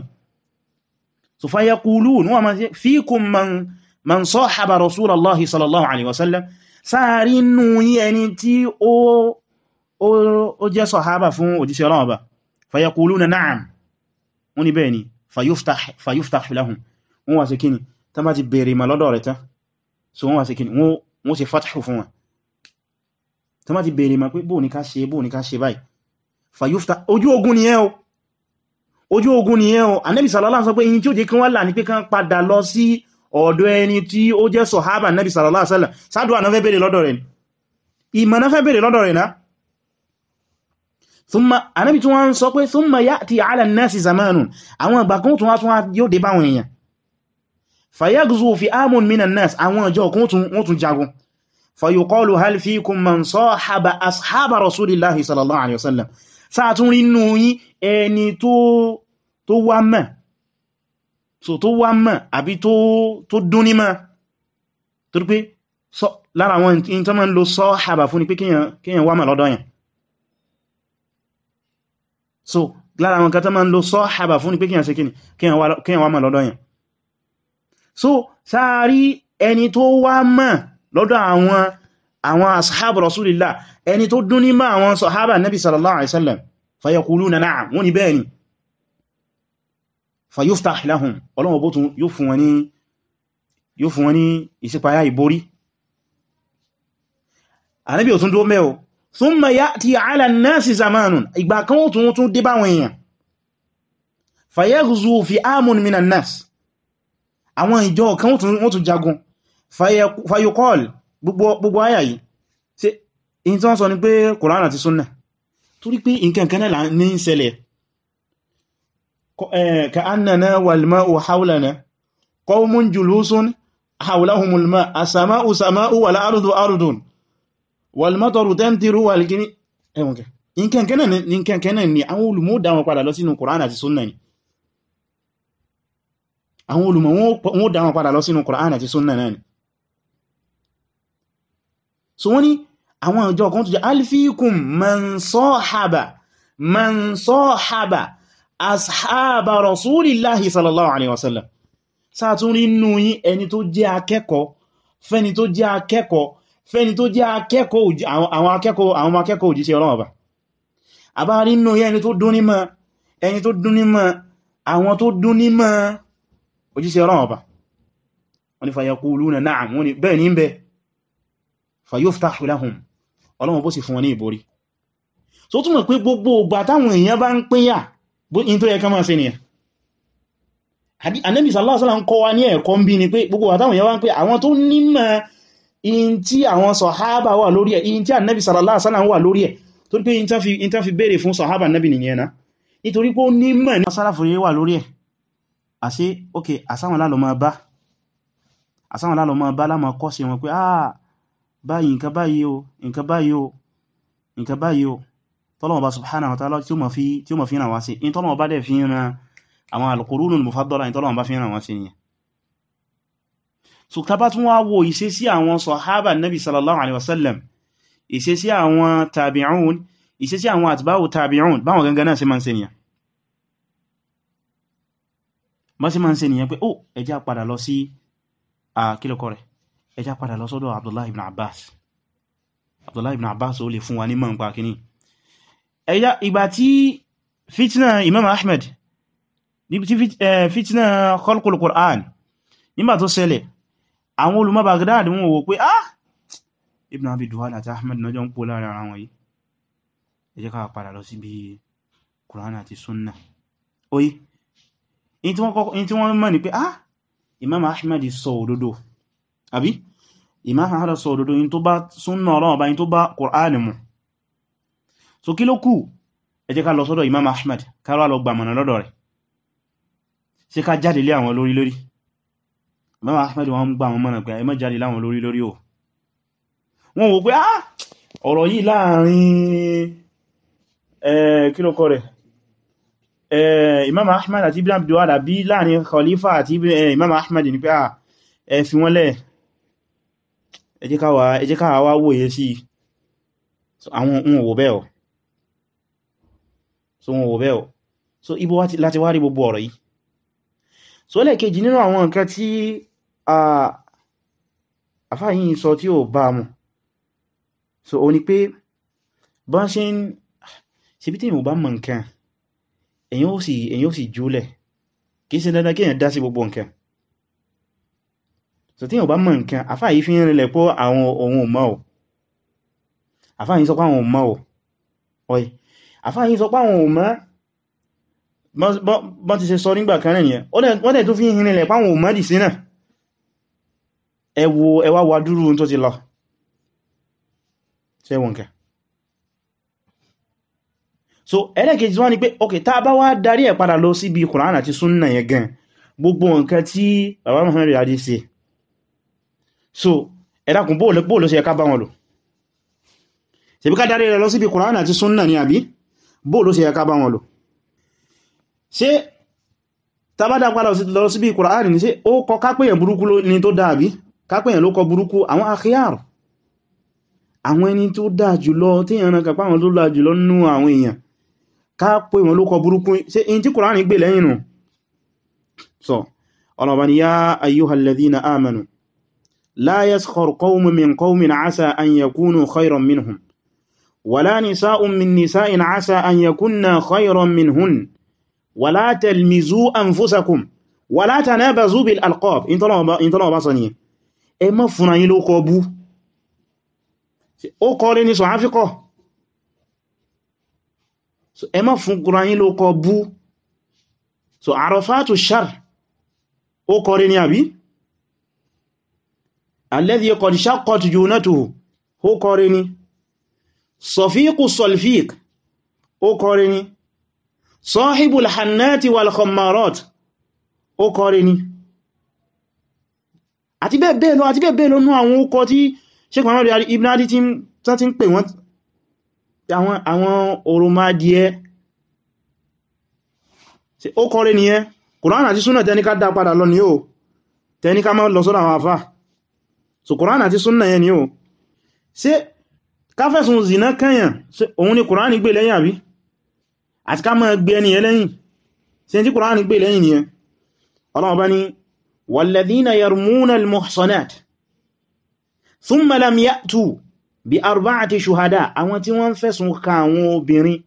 so fáyẹ kúlù níwọ̀n ma ṣe fíkún na'am wọ́n ní bẹ́ẹ̀ ni fayuftah lahum wọ́n wá ṣe kíni tán bá ti bèèrè ìmọ̀ lọ́dọ̀ rẹ̀ tán so wọ́n wá ṣe kíni wọ́n ṣe fathu fún wọn tán bá ti bèèrè ìmọ̀ pé bóò ní ká ṣe bóò ní ká ṣe báyìí fayuftah ojú ogun ni ẹ́ o ojú ogun ni ẹ́ o anẹ́bì sallallahu sọ pé yìí tí ó jẹ́ thumma anabi tún wọ́n sọ pé thumma ya'ti 'ala an-nasi zamanun àwọn ìgbà kan tún wá tún wá yóò dé báwọn èèyàn fayaghzu fi'amun minan nas àwọn ọjọ́ kan tún wọ́n tún jagun fayuqalu hal fikum man sahaba ashaba rasulillahi sallallahu alaihi wasallam sáàtún rí nù yín ẹni tó wá mẹ́ so tó wá mẹ́ àbí tó dún ní mẹ́ so lára àwọn kan tó máa ń lo sọ́hábà fún ní pé kíyàn ṣe kíni kíyàn wá mọ̀ lọ́dọ̀ yẹn so sáàrí ẹni tó wá mọ̀ lọ́dọ̀ àwọn àwọn ashabu rasulillah ẹni tó dún nímọ̀ àwọn sọ̀hábà nabi sallallahu alaihi wasallam fayakuluna na'am wọ́n ní bẹ́ẹ̀ ni fayuftah lahum ọlọ́wọ́ bó wọn ní ìṣípayá ìborí thumma ya'ti 'ala an-nasi zamanun ìgbà kan ó tún tún dé báwọn èèyàn fayaghzu fi'amun minan nas àwọn ìjọ kan ó tún jagun fayuqal gbogbo àyà yìí ṣé in tí wọ́n sọ ni pé Qur'an àti Sunnah torí pé nǹkan kan náà ní ń ṣẹlẹ̀ ka'annana wal ma'u hawlana qawmun julusun hawlahumul ma' as-sama'u sama'u wal ardu ardun walmọ́tọrù tẹ́ntìrú wà lìkíní ẹwọ̀n kẹ ìkẹ̀kẹ́nà ni àwọn olùmọ̀ dá wọn padà lọ sínú kùránà àti súnnà ni àwọn olùmọ̀ wọ́n dá wọn padà lọ sínú kùránà àti súnnà náà ni so wọ́n ni àwọn ìjọ kan tó jẹ́ alfikun man sahaba man sahaba ashaba rasulillahi sallallahu alaihi wasallam sáà tún rí fẹ́ni tó jẹ́ àwọn akẹ́kọ̀ọ́ òjíṣẹ́ ọlọ́run ọba àbá nínú ẹni tó dún nímọ̀ ẹni tó dún nímọ̀ àwọn tó dún nímọ̀ òjíṣẹ́ ọlọ́run ọba wọ́n ni fayaquluna na'am wọ́n ni bẹ́ẹ̀ ní bẹ́ fayuftahu lahum ọlọ́run bó sì fún wọn ní ìborí so túnmọ̀ pé gbogbo ìgbà táwọn èèyàn bá ń pínyà in tó yẹ ká máa ṣe nìyà Ànábì sallallahu alaihi wasallam ń kọ́ wa ní ẹ̀kọ́ ń bí ni pé gbogbo ń pínyà in tí àwọn sọ̀hábà wà lórí ẹ̀ in tí annabi sallallahu alaihi wasallam wà lórí ẹ̀ tó rí pé in tán fi béèrè fún sọ̀hábà annabi nìyẹn na nítorí pé ó ní mọ̀ ní sálàfù yẹ wà lórí ẹ̀ àṣí ok àsáwọn lálọ ma bá àsáwọn lálọ ma bá láma kọ́ sí wọn pé ah báyìí nǹkan báyìí o nǹkan báyìí o nǹkan báyìí o tọ́lọ̀wọ̀ bá subhanahu wa ta'ala tí ó ma fi ràn wá sí in tọ́lọ̀wọ̀ so tá bá tún wá wo ìṣesí àwọn sahaba nabi sallallahu alaihi wasallam ìṣesí àwọn tabi'un ìṣesí àwọn atba'u tabi'un báwọn gangan náà ṣe man ṣe nìyàn ma ṣe man ṣe nìyàn pé ó oh, ẹ já padà lọ sí a kílọ̀kọ́ rẹ̀ ẹ já padà lọ sọ́dọ̀ abdullahi ibn abbas abdullahi ibn abbas ó lè fún wa ní mọ̀ nípa kíní eh, ẹ̀yà àwọn olùmọ̀ Baghdad wọn wò pé ah Ibn Abi Duhala àti Ahmad nọjọ́ ń pò láàrin ara wọn yìí ẹ jẹ́ ká padà lọ sí bí Qur'an àti Sunnah oyi in tí wọ́n mọ̀ ní pé ah Imam Ahmad sọ òdodo àbí Imam Ahmad sọ òdodo in tó bá Sunnah Ọlọ́run bá in tó bá Qur'an mu so kí ló kù ẹ jẹ́ ká lọ sọ́dọ̀ Imam Ahmad ká lọ gbàmọ̀nà lọ́dọ̀ rẹ̀ ṣe ká jáde lé àwọn lórí lórí Imam Ahmed wọn ń gbà wọn mọ́nà pé ẹ má jáde láwọn lórí lórí o wọn wò pé ah ọ̀rọ̀ yìí láàrin kílòkọ rẹ̀ Imam Ahmed àti Ibn Abdul Wahhab bí láàrin Khalifa àti Imam Ahmed ní pé ah ẹ fi wọ́n lẹ̀ ẹ jẹ́ ká wá wòye sí so wọn wò so ibo láti wá rí gbogbo ọ̀rọ̀ yìí so lẹ́ẹ̀kejì nínú àwọn nǹkan tí àfáyín sọ tí ó bá mọ̀ so o ni pé bọ́n ṣe ń ṣebí tí ìwọ̀n bá mọ̀ nǹkan èyàn ó sì jólẹ̀ kìí ṣe dandan kí èyàn dá sí gbogbo nǹkan so tí ìwọ̀n bá mọ̀ nǹkan àfáyí fi ń rinlẹ̀ pọ́ àwọn ohun mọ́ ò àfáyí sọ pé àwọn ohun mọ́ ò ọ̀yẹ́ àfáyí sọ pé àwọn ohun mọ́ bọ́n ti ṣe sọ nígbà kan náà nìyẹn wọ́n dẹ̀ tó fi ń rinlẹ̀ pàwọn ohun mọ́ dì sí náà ẹwọ ẹwà wà dúró tó ti lọ sẹ́wọ̀n kẹ so ẹlẹ́kejì wá ní pé ok tá bá wá darí ẹ̀ padà lọ síbi Kùránì àti súnnà yẹn gan gbogbo nǹkan tí bàbá Muhammad Hadi ṣe so ẹ̀dàkùn bóòlù sí ẹka bá wọn lò ṣebí ká darí rẹ̀ lọ síbi Kùránì àti súnnà ni àbí bóòlù sí ẹka bá wọn lò ṣe tá padà lọ síbi Kùránì ní ṣe ó kọ ká kápẹ̀yàn ló kọ burúkú àwọn akhyar àwọn ẹni tó dáa jùlọ tí yàn náà kàpá àwọn tó dáa jùlọ nú àwọn èèyàn kápẹ̀ wọn ló kọ burúkú ṣe in tí Kùránì gbé lẹ́yìn nù so ọlọ́bà ni wala tanabazu bil alqab in tọ́lọ̀ ọba sọ nìyẹn ẹ má fúnra yín ló kọ bú ó kọ́ lé ní sọ áfíkọ́ ẹ má fúnra yín ló kọ bú so arafatu shar ó kọ́ lé ní àbí alladhi qad shaqqat junatuhu ó kọ́ lé ní sọ̀fíkù sọ̀lfík ó kọ́ lé ní sọ́hìbùl hannati wal khammarat àti bẹ́ẹ̀ bẹ́ẹ̀ lọ àti bẹ́ẹ̀ bẹ́ẹ̀ lọ nú àwọn okọ̀ tí Sheikh Muhammad Ibn Hadi tí tán ti ń pè wọ́n àwọn òròmọdìẹ ó kọrẹ ni ẹ Kùránì àti súnà tẹníká dá padà lọ ni ó tẹníká mọ́ lọ sọ́dọ̀ àwọn àfá so Kùránì àti súnà yẹn ni ó ṣe káfẹ́sùn zina kẹyàn òun ni Kùránì gbé lẹ́yìn àbí ni ẹ ọlọ́wọ́ bá ní والذين يرمون المحصنات ثم لم يأتوا بأربعة شهداء àwọn tí wọ́n fẹ̀sùn ka àwọn obìnrin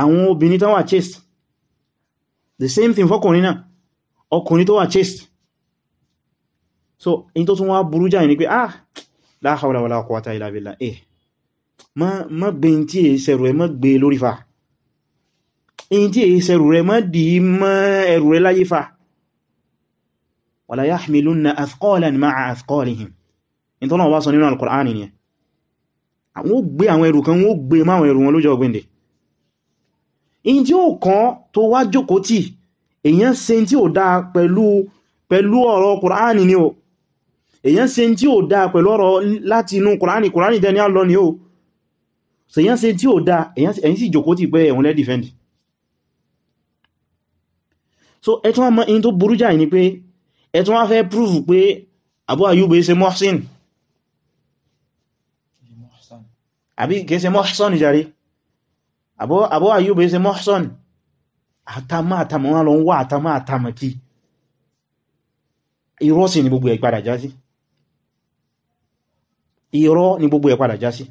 àwọn obìnrin tó wà chaste the same thing fọ́kùnrin náà ọkùnrin tó wà chaste so in tó tún wá burú jáì ní pé ah la hawla wala quwwata illa billah eh ma ma gbé in tí èyí sẹ̀rù ẹ ma gbé e lórí fa in tí èyí sẹ̀rù rẹ ma dìí ma ẹ̀rù rẹ láyé fa wala yahmilunna athqalan ma'a athqalihim in tó náà wá sọ nínú al-Qur'an ni àwọn ó gbé àwọn ẹrù kan wọ́n gbé máwọn ẹrù wọn lọ́jọ́ ọgbẹ́ndẹ̀ in tí ó kàn tó wá jókòó tì èyàn ṣe tí ó dáa pẹ̀lú pẹ̀lú ọ̀rọ̀ Qur'an ni o èyàn ṣe tí ó dáa pẹ̀lú ọ̀rọ̀ láti inú Qur'an Qur'an dẹni àlọ́ ni ó so ẹ̀tún àmọ́ in tó burú ẹ̀tún wá fẹ́ prúfù pé Abu Ayyub ṣe Muhsin àbí kìí ṣe Muhsin jàre Abu Ayyub ṣe Muhsin àtàmà àtàmà wọn lọ ń wá àtàmà àtàmà kí irọ́ sí ni gbogbo ẹ̀ padà já sí irọ́ ni gbogbo ẹ̀ padà já sí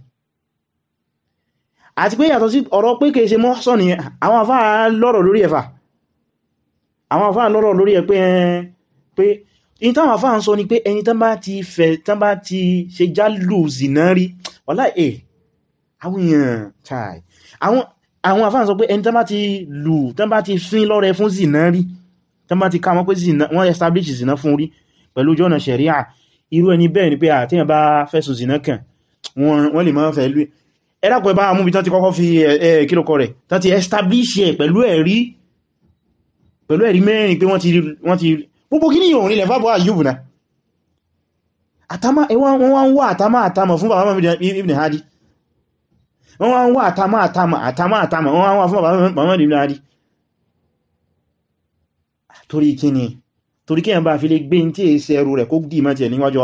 àti pé yàtọ̀ sí ọ̀rọ̀ pé kìí ṣe Muhsin yẹn àwọn afá lọ́rọ̀ lórí ẹ̀fà àwọn afá lọ́rọ̀ lórí ẹ̀ pé ẹn pé in táwọn afá ń sọ ni pé ẹni tán bá ti fẹ́ tán bá ti ṣe jálù zìnà rí wọ́lá ẹ̀ eh, àwọn èèyàn tàì àwọn afá ń sọ pé ẹni tán bá ti lù tán bá ti fín lọ́rẹ fún zìnà rí tán bá ti ká wọn pé wọ́n establish zìnà fún rí pẹ̀lú jọ́nà ṣẹ̀ríà irú ẹni bẹ́ẹ̀ ni pé àtíyàn bá fẹ̀sùn zìnà kàn wọ́n lè máa fẹ́ lú ẹ̀dàkọ̀ ẹbá amúbi tán ti kọ́kọ́ fi kílòkọ rẹ̀ tán ti establish ẹ̀ pẹ̀lú ẹ̀rí mẹ́rin pé wọ́n ti gbogbo kí ní ìròyìn ilẹ̀ fábọ̀ Ayyub náà àtàmà wọ́n wá ń wá àtàmà àtàmà fún bàbá mọ́mí ibn Hadi wọ́n wá ń wá àtàmà àtàmà àtàmà àtàmà wọ́n wá ń wá fún bàbá mọ́mí ibn Hadi torí kí ni torí kí ẹ̀mbà fi lè gbé tí è ṣe ẹrù rẹ̀ kó dì mọ́ níwájú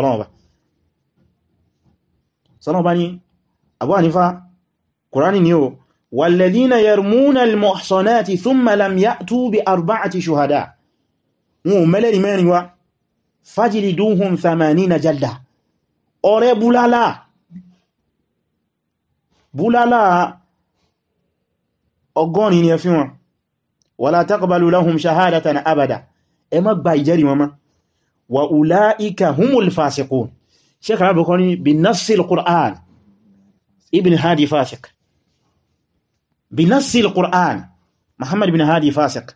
Ọlọ́run wọn ò mẹ́lẹ́rì mẹ́rin wá fajliduhum thamanina jalda ọ̀rẹ́ búlálà búlálà ọgọ́rin ni ẹ fi wọn wala taqbalu lahum shahadatan abada ẹ má gba ìjẹ́rì wọn má wa ulaika humul fasiqun sheikh al-bukhari bi nassi al-qur'an ibn hadi fasiq bi nassi al muhammad ibn hadi fasiq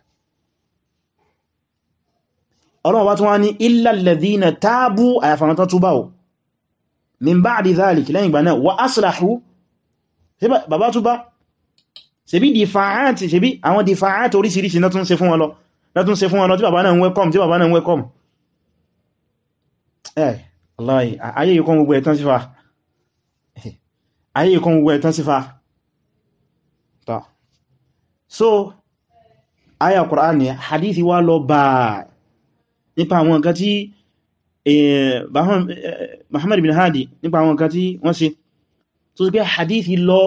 ọlọ́wọ́ bá tún wá ní illa alladhina tábú àyàfàrántọ́ túbá o min ba'di dhalik lẹ́yìn ìgbà náà wa aslahu bàbá túbá ṣebí dìfàáàtì ṣebí àwọn dìfàáàtì oríṣiríṣi náà tún ṣe fún wọn lọ náà tún ṣe fún wọn lọ tí bàbá náà ń wẹ́kọ́m tí bàbá náà so aya Qur'ani hadithi wá lọ báà nípa àwọn nǹkan tí eh, eh, Muhammad bin Hadi nípa àwọn nǹkan tí wọ́n ṣe tó sì pé hadithi lọ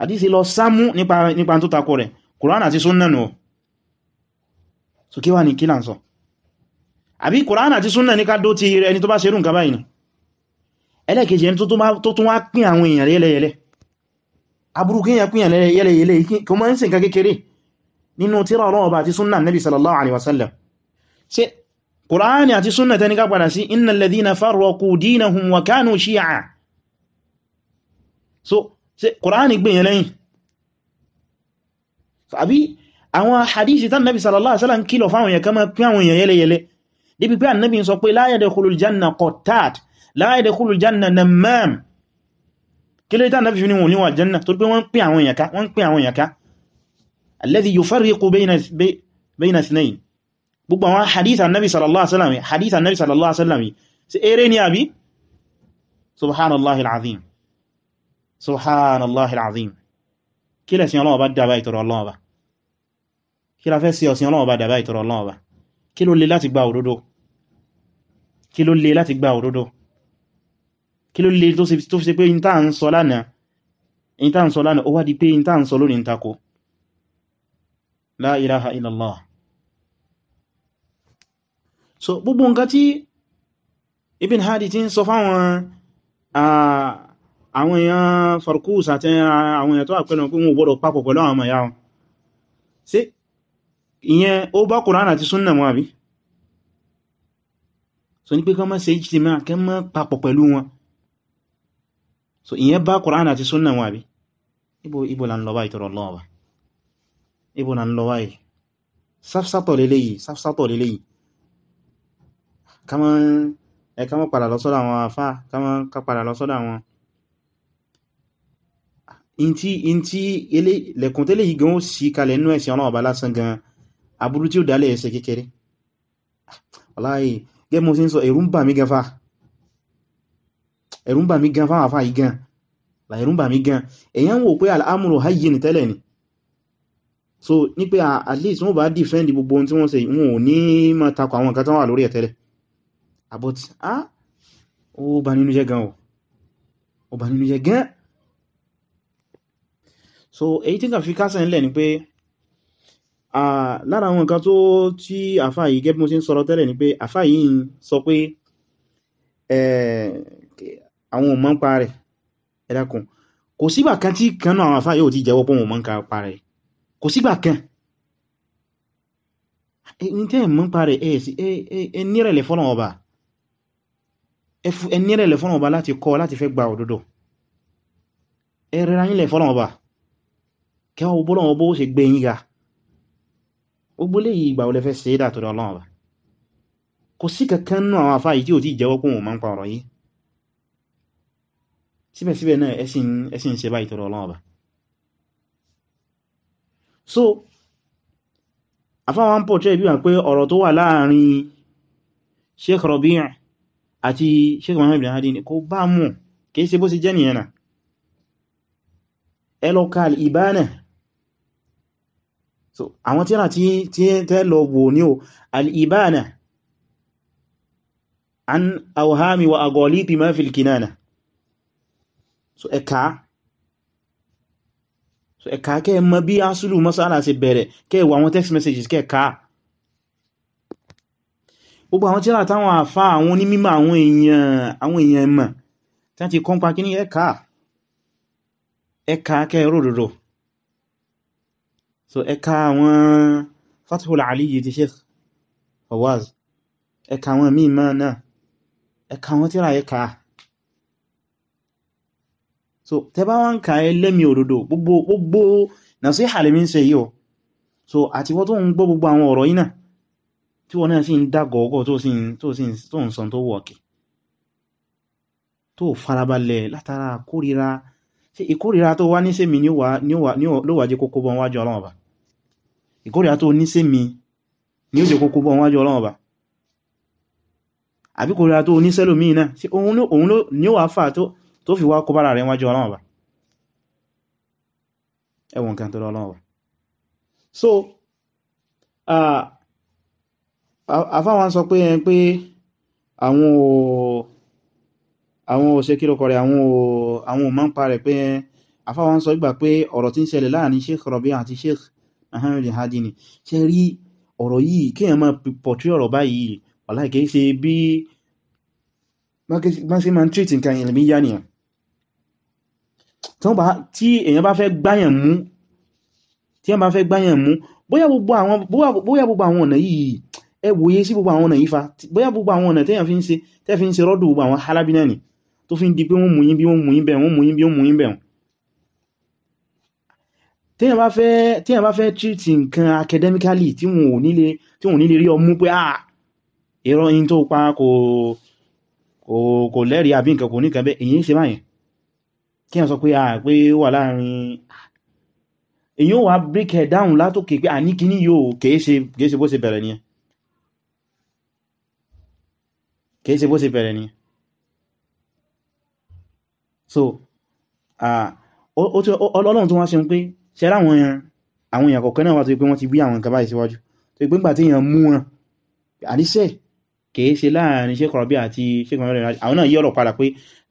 hadithi lọ sámú nípa tó takò rẹ̀ Kùránì àti súnnà nù so kí wà ní kílà ń sọ àbí Kùránì àti súnnà ní ká dó ti ẹni tó bá ṣerú nǹkan báyìí ẹlẹ́kejì ẹni tó tún wá pín àwọn èèyàn lẹ́yẹlẹ́yẹlẹ́ nínú tírà Ọlọ́run bá àti súnnà nabi sallallahu alaihi wasallam ṣé Kùránì àti súnnà tẹni ká padà sí innal ladhina farraqu dinahum wa kanu shi'a so ṣé Kùránì gbìyàn lẹ́yìn àbí àwọn hadithi tán nabi sallallahu alaihi wasallam kí alladhi yufarriqu bayna ithnayn gbogbo àwọn hadith annabi sallallahu alaihi wasallam hadith annabi sallallahu alaihi wasallam sí eré ní àbí subhanallahi alazim subhanallahi alazim kí lẹ̀ sí ọlọ́wọ́ bá dábá ìtọrọ ọlọ́wọ́ bá kí la fẹ́ sí ọ̀sìn ọlọ́wọ́ bá dábá ìtọrọ ọlọ́wọ́ bá kí ló lè láti gba òdodo kí ló lè láti gba òdodo kí ló lè tó fi ṣe pé in tá ń sọ lánàá ó wá di pé in tá ń sọ lónìí ń takò la ilaha illallah so gbogbo nǹkan tí Ibn Hadi ti ń sọ ah awon èèyàn Farkus àti àwọn ya tó àpẹẹlẹ̀ pé wọ́n gbọ́dọ̀ papọ̀ pẹ̀lú àwọn ọmọ ìyá wọn sí ìyẹn ó bá Kùránì so ní pé kán mọ́ ṣe ijtima kẹ́ mọ́ papọ̀ pẹ̀lú so ibo ibo la ń lọ bá ìtọrọ ibu na ń lọ wáyìí sáfsátọ̀ lélẹ́yìí sáfsátọ̀ lélẹ́yìí ẹ̀ká mọ́ padà lọ́sọ́dọ̀ àwọn afá ká padà lọ́sọ́dọ̀ àwọn ìntí ìntí lẹ̀kùn tẹ́lẹ̀ yìí gan ó sì kalẹ̀ inú ẹ̀sìn ọlọ́wọ̀ bá lásán gan aburú tí ó dálẹ̀ ẹsẹ̀ kékeré ọláyìí gẹ́ mo sì ń sọ ẹ̀rù ń bà mí gan fà ẹ̀rù ń bà mí gan fáwọn afá yìí gan la ẹ̀rù ń bà mí gan èyàn ń wò pé al'amuru hayyin tẹ́lẹ̀ ni so ní pé at least wọ́n bá defend gbogbo ohun tí wọ́n ṣe wọn ò ní máa takò àwọn nǹkan tó wà lórí ẹ̀tẹ́lẹ̀ àbọ̀tí ah, á ah, ó bà nínú jẹ́ gan ó bà nínú jẹ́ gan so èyí tí kà fi kásẹ̀ ńlẹ̀ ni pé ah, lára àwọn nǹkan tó tí àfá yìí gẹ́bí mo ti ń ni pé àfá yìí ń sọ pé eh, àwọn òmọ́ ń pa rẹ̀ ẹ̀dàkùn kò sígbà kan tí kanú àwọn àfá yóò ti jẹ́wọ́ pọ̀ òmọ́ ń pa rẹ̀ kò sígbà kan ní tẹ́ mọ́ ń parẹ̀ ẹnírẹ̀lẹ̀ fọ́nà ọba láti kọ́ láti fẹ́ gba òdodo ẹrẹ́ra nílẹ̀ fọ́nà ọba kẹwàá ogbólọ́ ọbó ó ṣe gbé yín ga ogbólé yìí ìgbà olẹ́fẹ́ sí ìdà tó dọ́lọ́wọ́ ọba kò sí kankan nú àwọn afá yìí tí ò tí jẹ́wọ́ pún òun máa ń pa ọ̀rọ̀ yìí síbẹ̀síbẹ̀ náà ẹ̀sìn ṣe báyìí tó dọ́lọ́wọ́ ọba so afáwọn pọ̀tẹ́ ibi wọn pé ọ̀rọ̀ tó wà láàrin Sheikh Rabi' àti Sheikh Muhammad ibn Hadi kò bá mú kìí ṣe bó ṣe jẹ́ nìyẹn náà ẹlọ́kàl ìbánà so àwọn tíra tí tẹ́lọ wò ní o al-ìbánà an awhami wa agoliti ma fil kinana so ẹka so ẹ̀ka kẹ́ mọ̀ bí asúlù masala ṣe bẹ̀rẹ̀ kẹ́ wà àwọn text messages kẹ́ ká gbogbo àwọn tíra táwọn àfá àwọn onímímọ̀ àwọn èèyàn àwọn èèyàn mọ̀ tí wọ́n ti kọ́ pa kíní ẹ̀ka ẹ̀ka kẹ́ ròròrò so ẹ̀ka àwọn Fathul Aliyyi ti Sheikh Fawaz ẹ̀ka àwọn mímọ̀ náà ẹ̀ka àwọn tíra ẹ̀ka so tẹ bá wá ń ka ẹ lẹ́mi òdodo gbogbo gbogbo nàṣíhà lèmi ń ṣe so àti wọ́n tó ń gbọ́ gbogbo àwọn ọ̀rọ̀ yìí náà tí wọ́n náà sì ń dá gọ̀ọ́gọ́ tó ń san tó wọ̀ọ̀kì tó farabalẹ̀ látara kórìíra ṣe ìkórìíra tó wá níṣẹ́mi ló wà jẹ́ kókó bọ́n wájú ọlọ́run ọba ìkórìíra tó níṣẹ́mi ni ó jẹ́ kókó bọ́n wájú ọlọ́run ọba àbí kórìíra tó níṣẹ́lòmí náà ṣe òun ni ó fà tó tó fi wá kó bára rẹ̀ wájú ọlọ́wọ́ bá ẹwọ̀n kan tó lọ́wọ́ so àfáwọn sọ pé ẹn pé àwọn àwọn òṣè kí lókọ̀ rẹ̀ àwọn ò máa ń pa rẹ̀ pé àfáwọn sọ ìgbà pé ọ̀rọ̀ tí ń ṣẹlẹ̀ láàrin Sheikh Rabi àti Sheikh Ahmed Hadi ni ṣe rí ọ̀rọ̀ yìí kí ẹ máa pọ̀tí ọ̀rọ̀ báyìí wàláì kìí ṣe bí máa ṣe ń tírìtì nǹkan ìlmíyà nìyàn tí èyàn bá fẹ́ gbáyàn mú tí èyàn bá fẹ́ gbáyàn mú bóyá gbogbo àwọn ọ̀nà yìí ẹ sí gbogbo àwọn ọ̀nà yìí fa bóyá gbogbo àwọn ọ̀nà tẹ́yàn fi ń ṣe tẹ́ fi ń ṣe rọ́dù gbogbo àwọn halábínà tó fi ń di pé wọ́n mú yín bí wọ́n mú yín bẹ̀rún wọ́n mú yín bí wọ́n mú yín bẹ̀rún tẹ́yàn bá fẹ́ treat nǹkan academically tí wọ́n nílé rí ọmú pé ah ẹ̀rọ yín tó pa kò lẹ́rìí àbí nǹkan kò ní kan bẹ́ èyí ṣe báyìí kí wọ́n sọ pé àà ah, pé ó wà láàrin èyí ó wà break it down látòkè pé à ní kíní yóò kèése bó ṣe bẹ̀rẹ̀ ni so ọlọ́run tó wá ṣe ń pé ṣe láwọn àwọn èèyàn kọ̀ọ̀kan náà wá tó pé wọ́n ti bí àwọn nǹkan báyìí síwájú tó pé ńgbà tí èèyàn mú wọn àníṣẹ́ kìí ṣe láàrin Sheikh Rabi àti Sheikh Muhammad al-Hadi àwọn náà yí ọ̀rọ̀ padà pé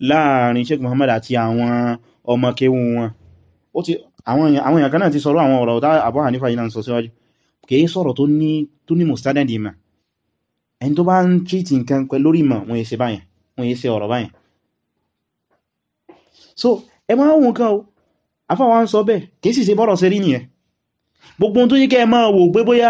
láàrin Sheikh Muhammad àti àwọn ọmọ kéwú wọn àwọn èèyàn kan náà ti sọ̀rọ̀ àwọn ọ̀rọ̀ tá Abu Hanifa yìí náà sọ síwájú kìí sọ̀rọ̀ tó ní mustadad ìmọ̀ ẹni tó bá ń tríti nǹkan so ẹ máa wọn kan o afáwa ń sọ bẹ́ẹ̀ kìí sì ṣe bọ́rọ̀ sí rí nìyẹn gbogbo tó yí kẹ́ máa wò pé bóyá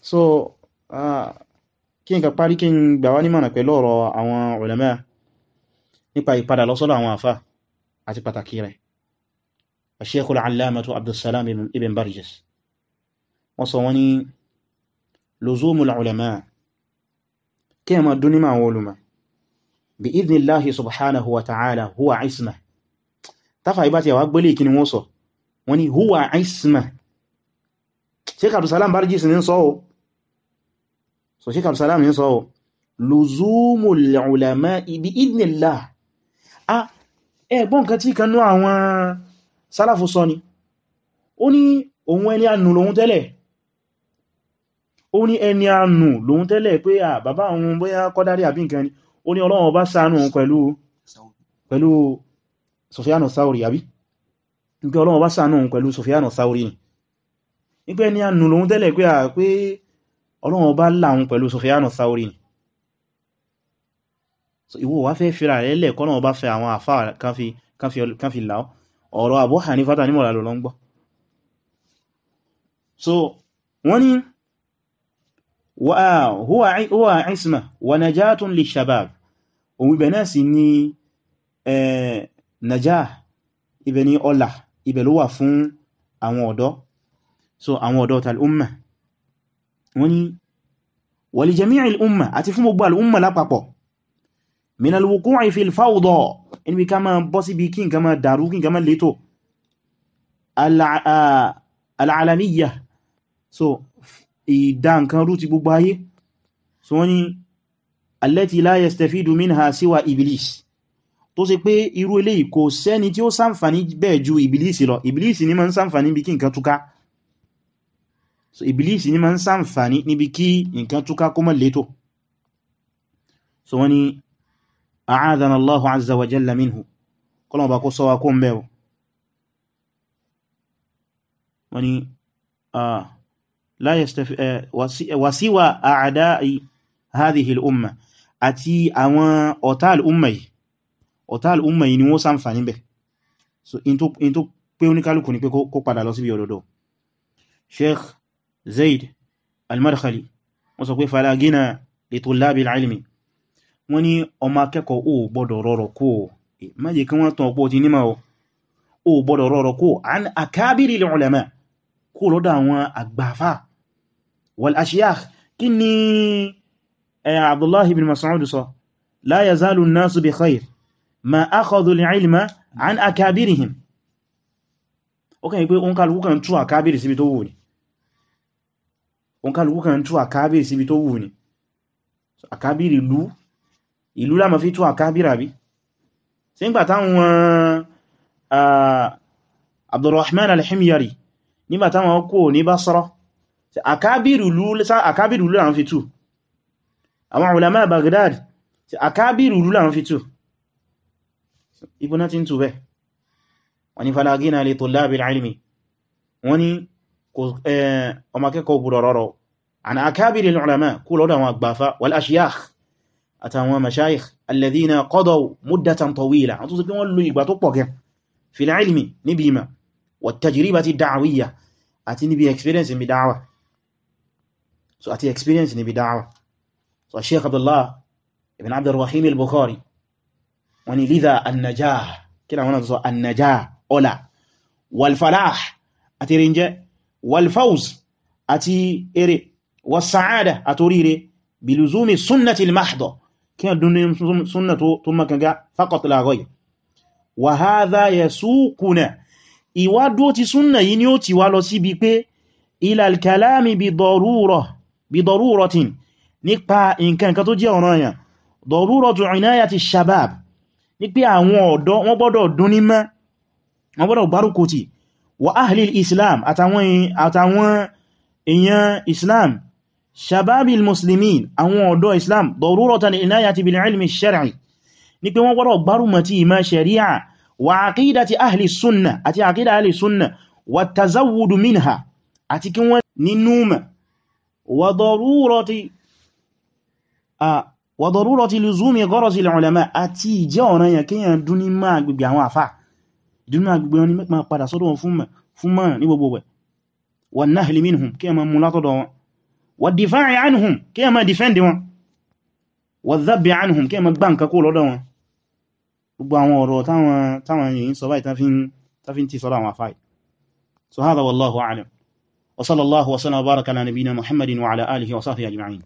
so uh, kí n ka parí kí n gbà wá nímọ̀nà pẹ̀lú ọ̀rọ̀ àwọn ulama nípa ìpadà lọ́sọ́lọ́ àwọn àfá àti pàtàkì rẹ̀ Sheikh al-Allamah Abdussalam ibn Barjis wọ́n sọ wọ́n ní luzumul ulama kí ẹ ma dún nímọ̀ àwọn olùmọ̀ bi idhnillahi subhanahu wa ta'ala huwa isma tafa ni wọ́n sọ so sheik absalam ń sọ luzumul ulama'i bi idhnillah a ẹgbọ́n kan tí kanú àwọn sálàfù sọ ni ó ní ohun ẹni ànù lòun tẹ́lẹ̀ ó ní ẹni ànù lòun tẹ́lẹ̀ pé à bàbá òun bóyá kọ́dárí àbí nǹkan ni ó ní ọlọ́run bá ṣàánú òun pẹ̀lú pẹ̀lú Sufyanu Thawri àbí nígbẹ́ ọlọ́run bá ṣàánú òun pẹ̀lú ni nígbẹ́ ẹni ànù lòun tẹ́lẹ̀ pé à pé ọlọ́run bá láàun pẹ̀lú Sufyanu Thauri ni so ìwọ wá fẹ́ fira rẹ̀ lẹ̀ kọ́nà bá fẹ́ àwọn àfá kan fi láọ́ ọ̀rọ̀ Abu Hanifa ní mọ̀lá lọ lọ́ngbọ́ so wọ́n ni huwa isma wa najatun li shabab òun ibẹ̀ náà sì ni najah ibẹ̀ ni ọlá ibẹ̀ ló wà fún àwọn ọ̀dọ́ so àwọn ọ̀dọ́ tal-umma wọ́n ní wali jami'il umma àti fún gbogbo al'umma lápapọ̀ min al-wuqu'i fil fawda níbi ká máa bọ́ síbi kí nǹkan máa dàrú kí nǹkan máa létò al'alamiyya so ìdá nǹkan rú ti gbogbo ayé so wọ́n ní allati la yastafidu minha siwa iblis tó ṣe pé irú eléyìí kò sẹ́ni tí ó ṣàǹfààní bẹ́ẹ̀ ju iblis lọ iblis ni máa ń ṣàǹfààní bí kí nǹkan túká so ibilisi ni ma ń ṣàǹfààní níbi kí nǹkan túká kó mọ́ létò so wọ́n ni a'adana Allahu azza wa jalla minhu kọlọ̀wọ̀ bá kó sọ́wà kó ń bẹ̀rọ wọ́n ni la yastafi eh, wasiwa a'da'i hadhihi al-umma àti àwọn ọ̀tá al-umma yìí ọ̀tá al-umma yìí ni wọ́n ṣàǹfààní bẹ̀ so in tó pé oníkálùkù ni pé kó padà lọ síbi òdodo sheikh zaid al-madkhali wọ́n sọ pé fala gina li tullabi al-ilmi wọ́n ní ọmọ akẹ́kọ̀ọ́ ó gbọ́dọ̀ rọrọ̀ kó e, májè kí wọ́n tàn ọ̀pọ̀ ti nímọ̀ ó gbọ́dọ̀ rọrọ̀ kó an akabiri al-ulama kó lọ́dọ̀ àwọn àgbàfà wal ashiyakh kí ni e, abdullahi bin mas'ud sọ la yazalu òǹkàlùkù kan tú àkábìrì síbi tó wù ní àkábìrì ìlú ìlú la máa fi tú àkábìrì àbí sí ń gbà táwọn Abdurrahman al-Himyari nígbà táwọn kò ní Basra àkábìrì ìlú la fi tú àwọn ulama Baghdad àkábìrì ìlú la fi tú ibùnà ti ń tú ọmọ akẹ́kọ̀ọ́ òbúrọ̀ rọrọ̀ àna akabiril ulama kú lọ́dọ̀ àwọn àgbàfà wal ashiyakh àtàwọn mashayikh alladhina qadaw muddatan tawila wọ́n tún sí pé wọ́n lo ìgbà tó pọ̀ gẹn fil ilmi níbi ìmọ̀ wat tajribati da'wiyya àti níbi experience níbi da'wa so àti experience níbi da'wa so Sheikh Abdullah ibn Abdurrahim al-Bukhari wani lidha an-najah kí làwọn so sọ an-najah ọlá wal falah àti rinjẹ́ walfaus àti èrè wasaada àtoríire biluzumi sunnati al-mahdha kí a dúnni sunna tó makanga faqat la ghayr wa hadha yasuquna ìwádó ti sunna yìí ni ó ti wá lọ síbi pé ila al-kalami bi darura bi daruratin nípa nǹkan kan tó jẹ́ ọ̀ranyàn daruratu inayati shabab ní pé àwọn ọ̀dọ́ wọ́n gbọ́dọ̀ dún ní mẹ́ wọ́n gbọ́dọ̀ gbárùkù tì wa ahlil islam àtàwọn èèyàn islam shababil muslimin àwọn ọ̀dọ́ islam daruratan inayati bil ilmi shar'i ní pé wọ́n gbọ́dọ̀ gbárùmọ̀ ti ìmọ̀ sharia wa aqidati ahli sunna àti aqida ahli sunna wa tazawwudu minha àti kí wọ́n nínú mọ̀ wa darurati wa darurati luzumi gharasi ulama àti ìjẹ́ ọ̀ranyàn kíyàn dún ní máa gbogbo àwọn àfáà ìdínú agbègbè wọn ni máa padà sọ́dọ̀ wọn fún mọ́ràn ní gbogbo wẹ̀ wan nahli minhum kí a máa mú látọ̀dọ̀ wọn wa difa'i anhum kí a máa dìfẹ́ndì wọn wa dhabbi anhum kí a máa gbá kó lọ́dọ̀ wọn gbogbo àwọn ọ̀rọ̀ táwọn èèyàn sọ so hadha wallahu a'lam wa sallallahu wa sallam baraka ala nabiyyina muhammadin wa ala alihi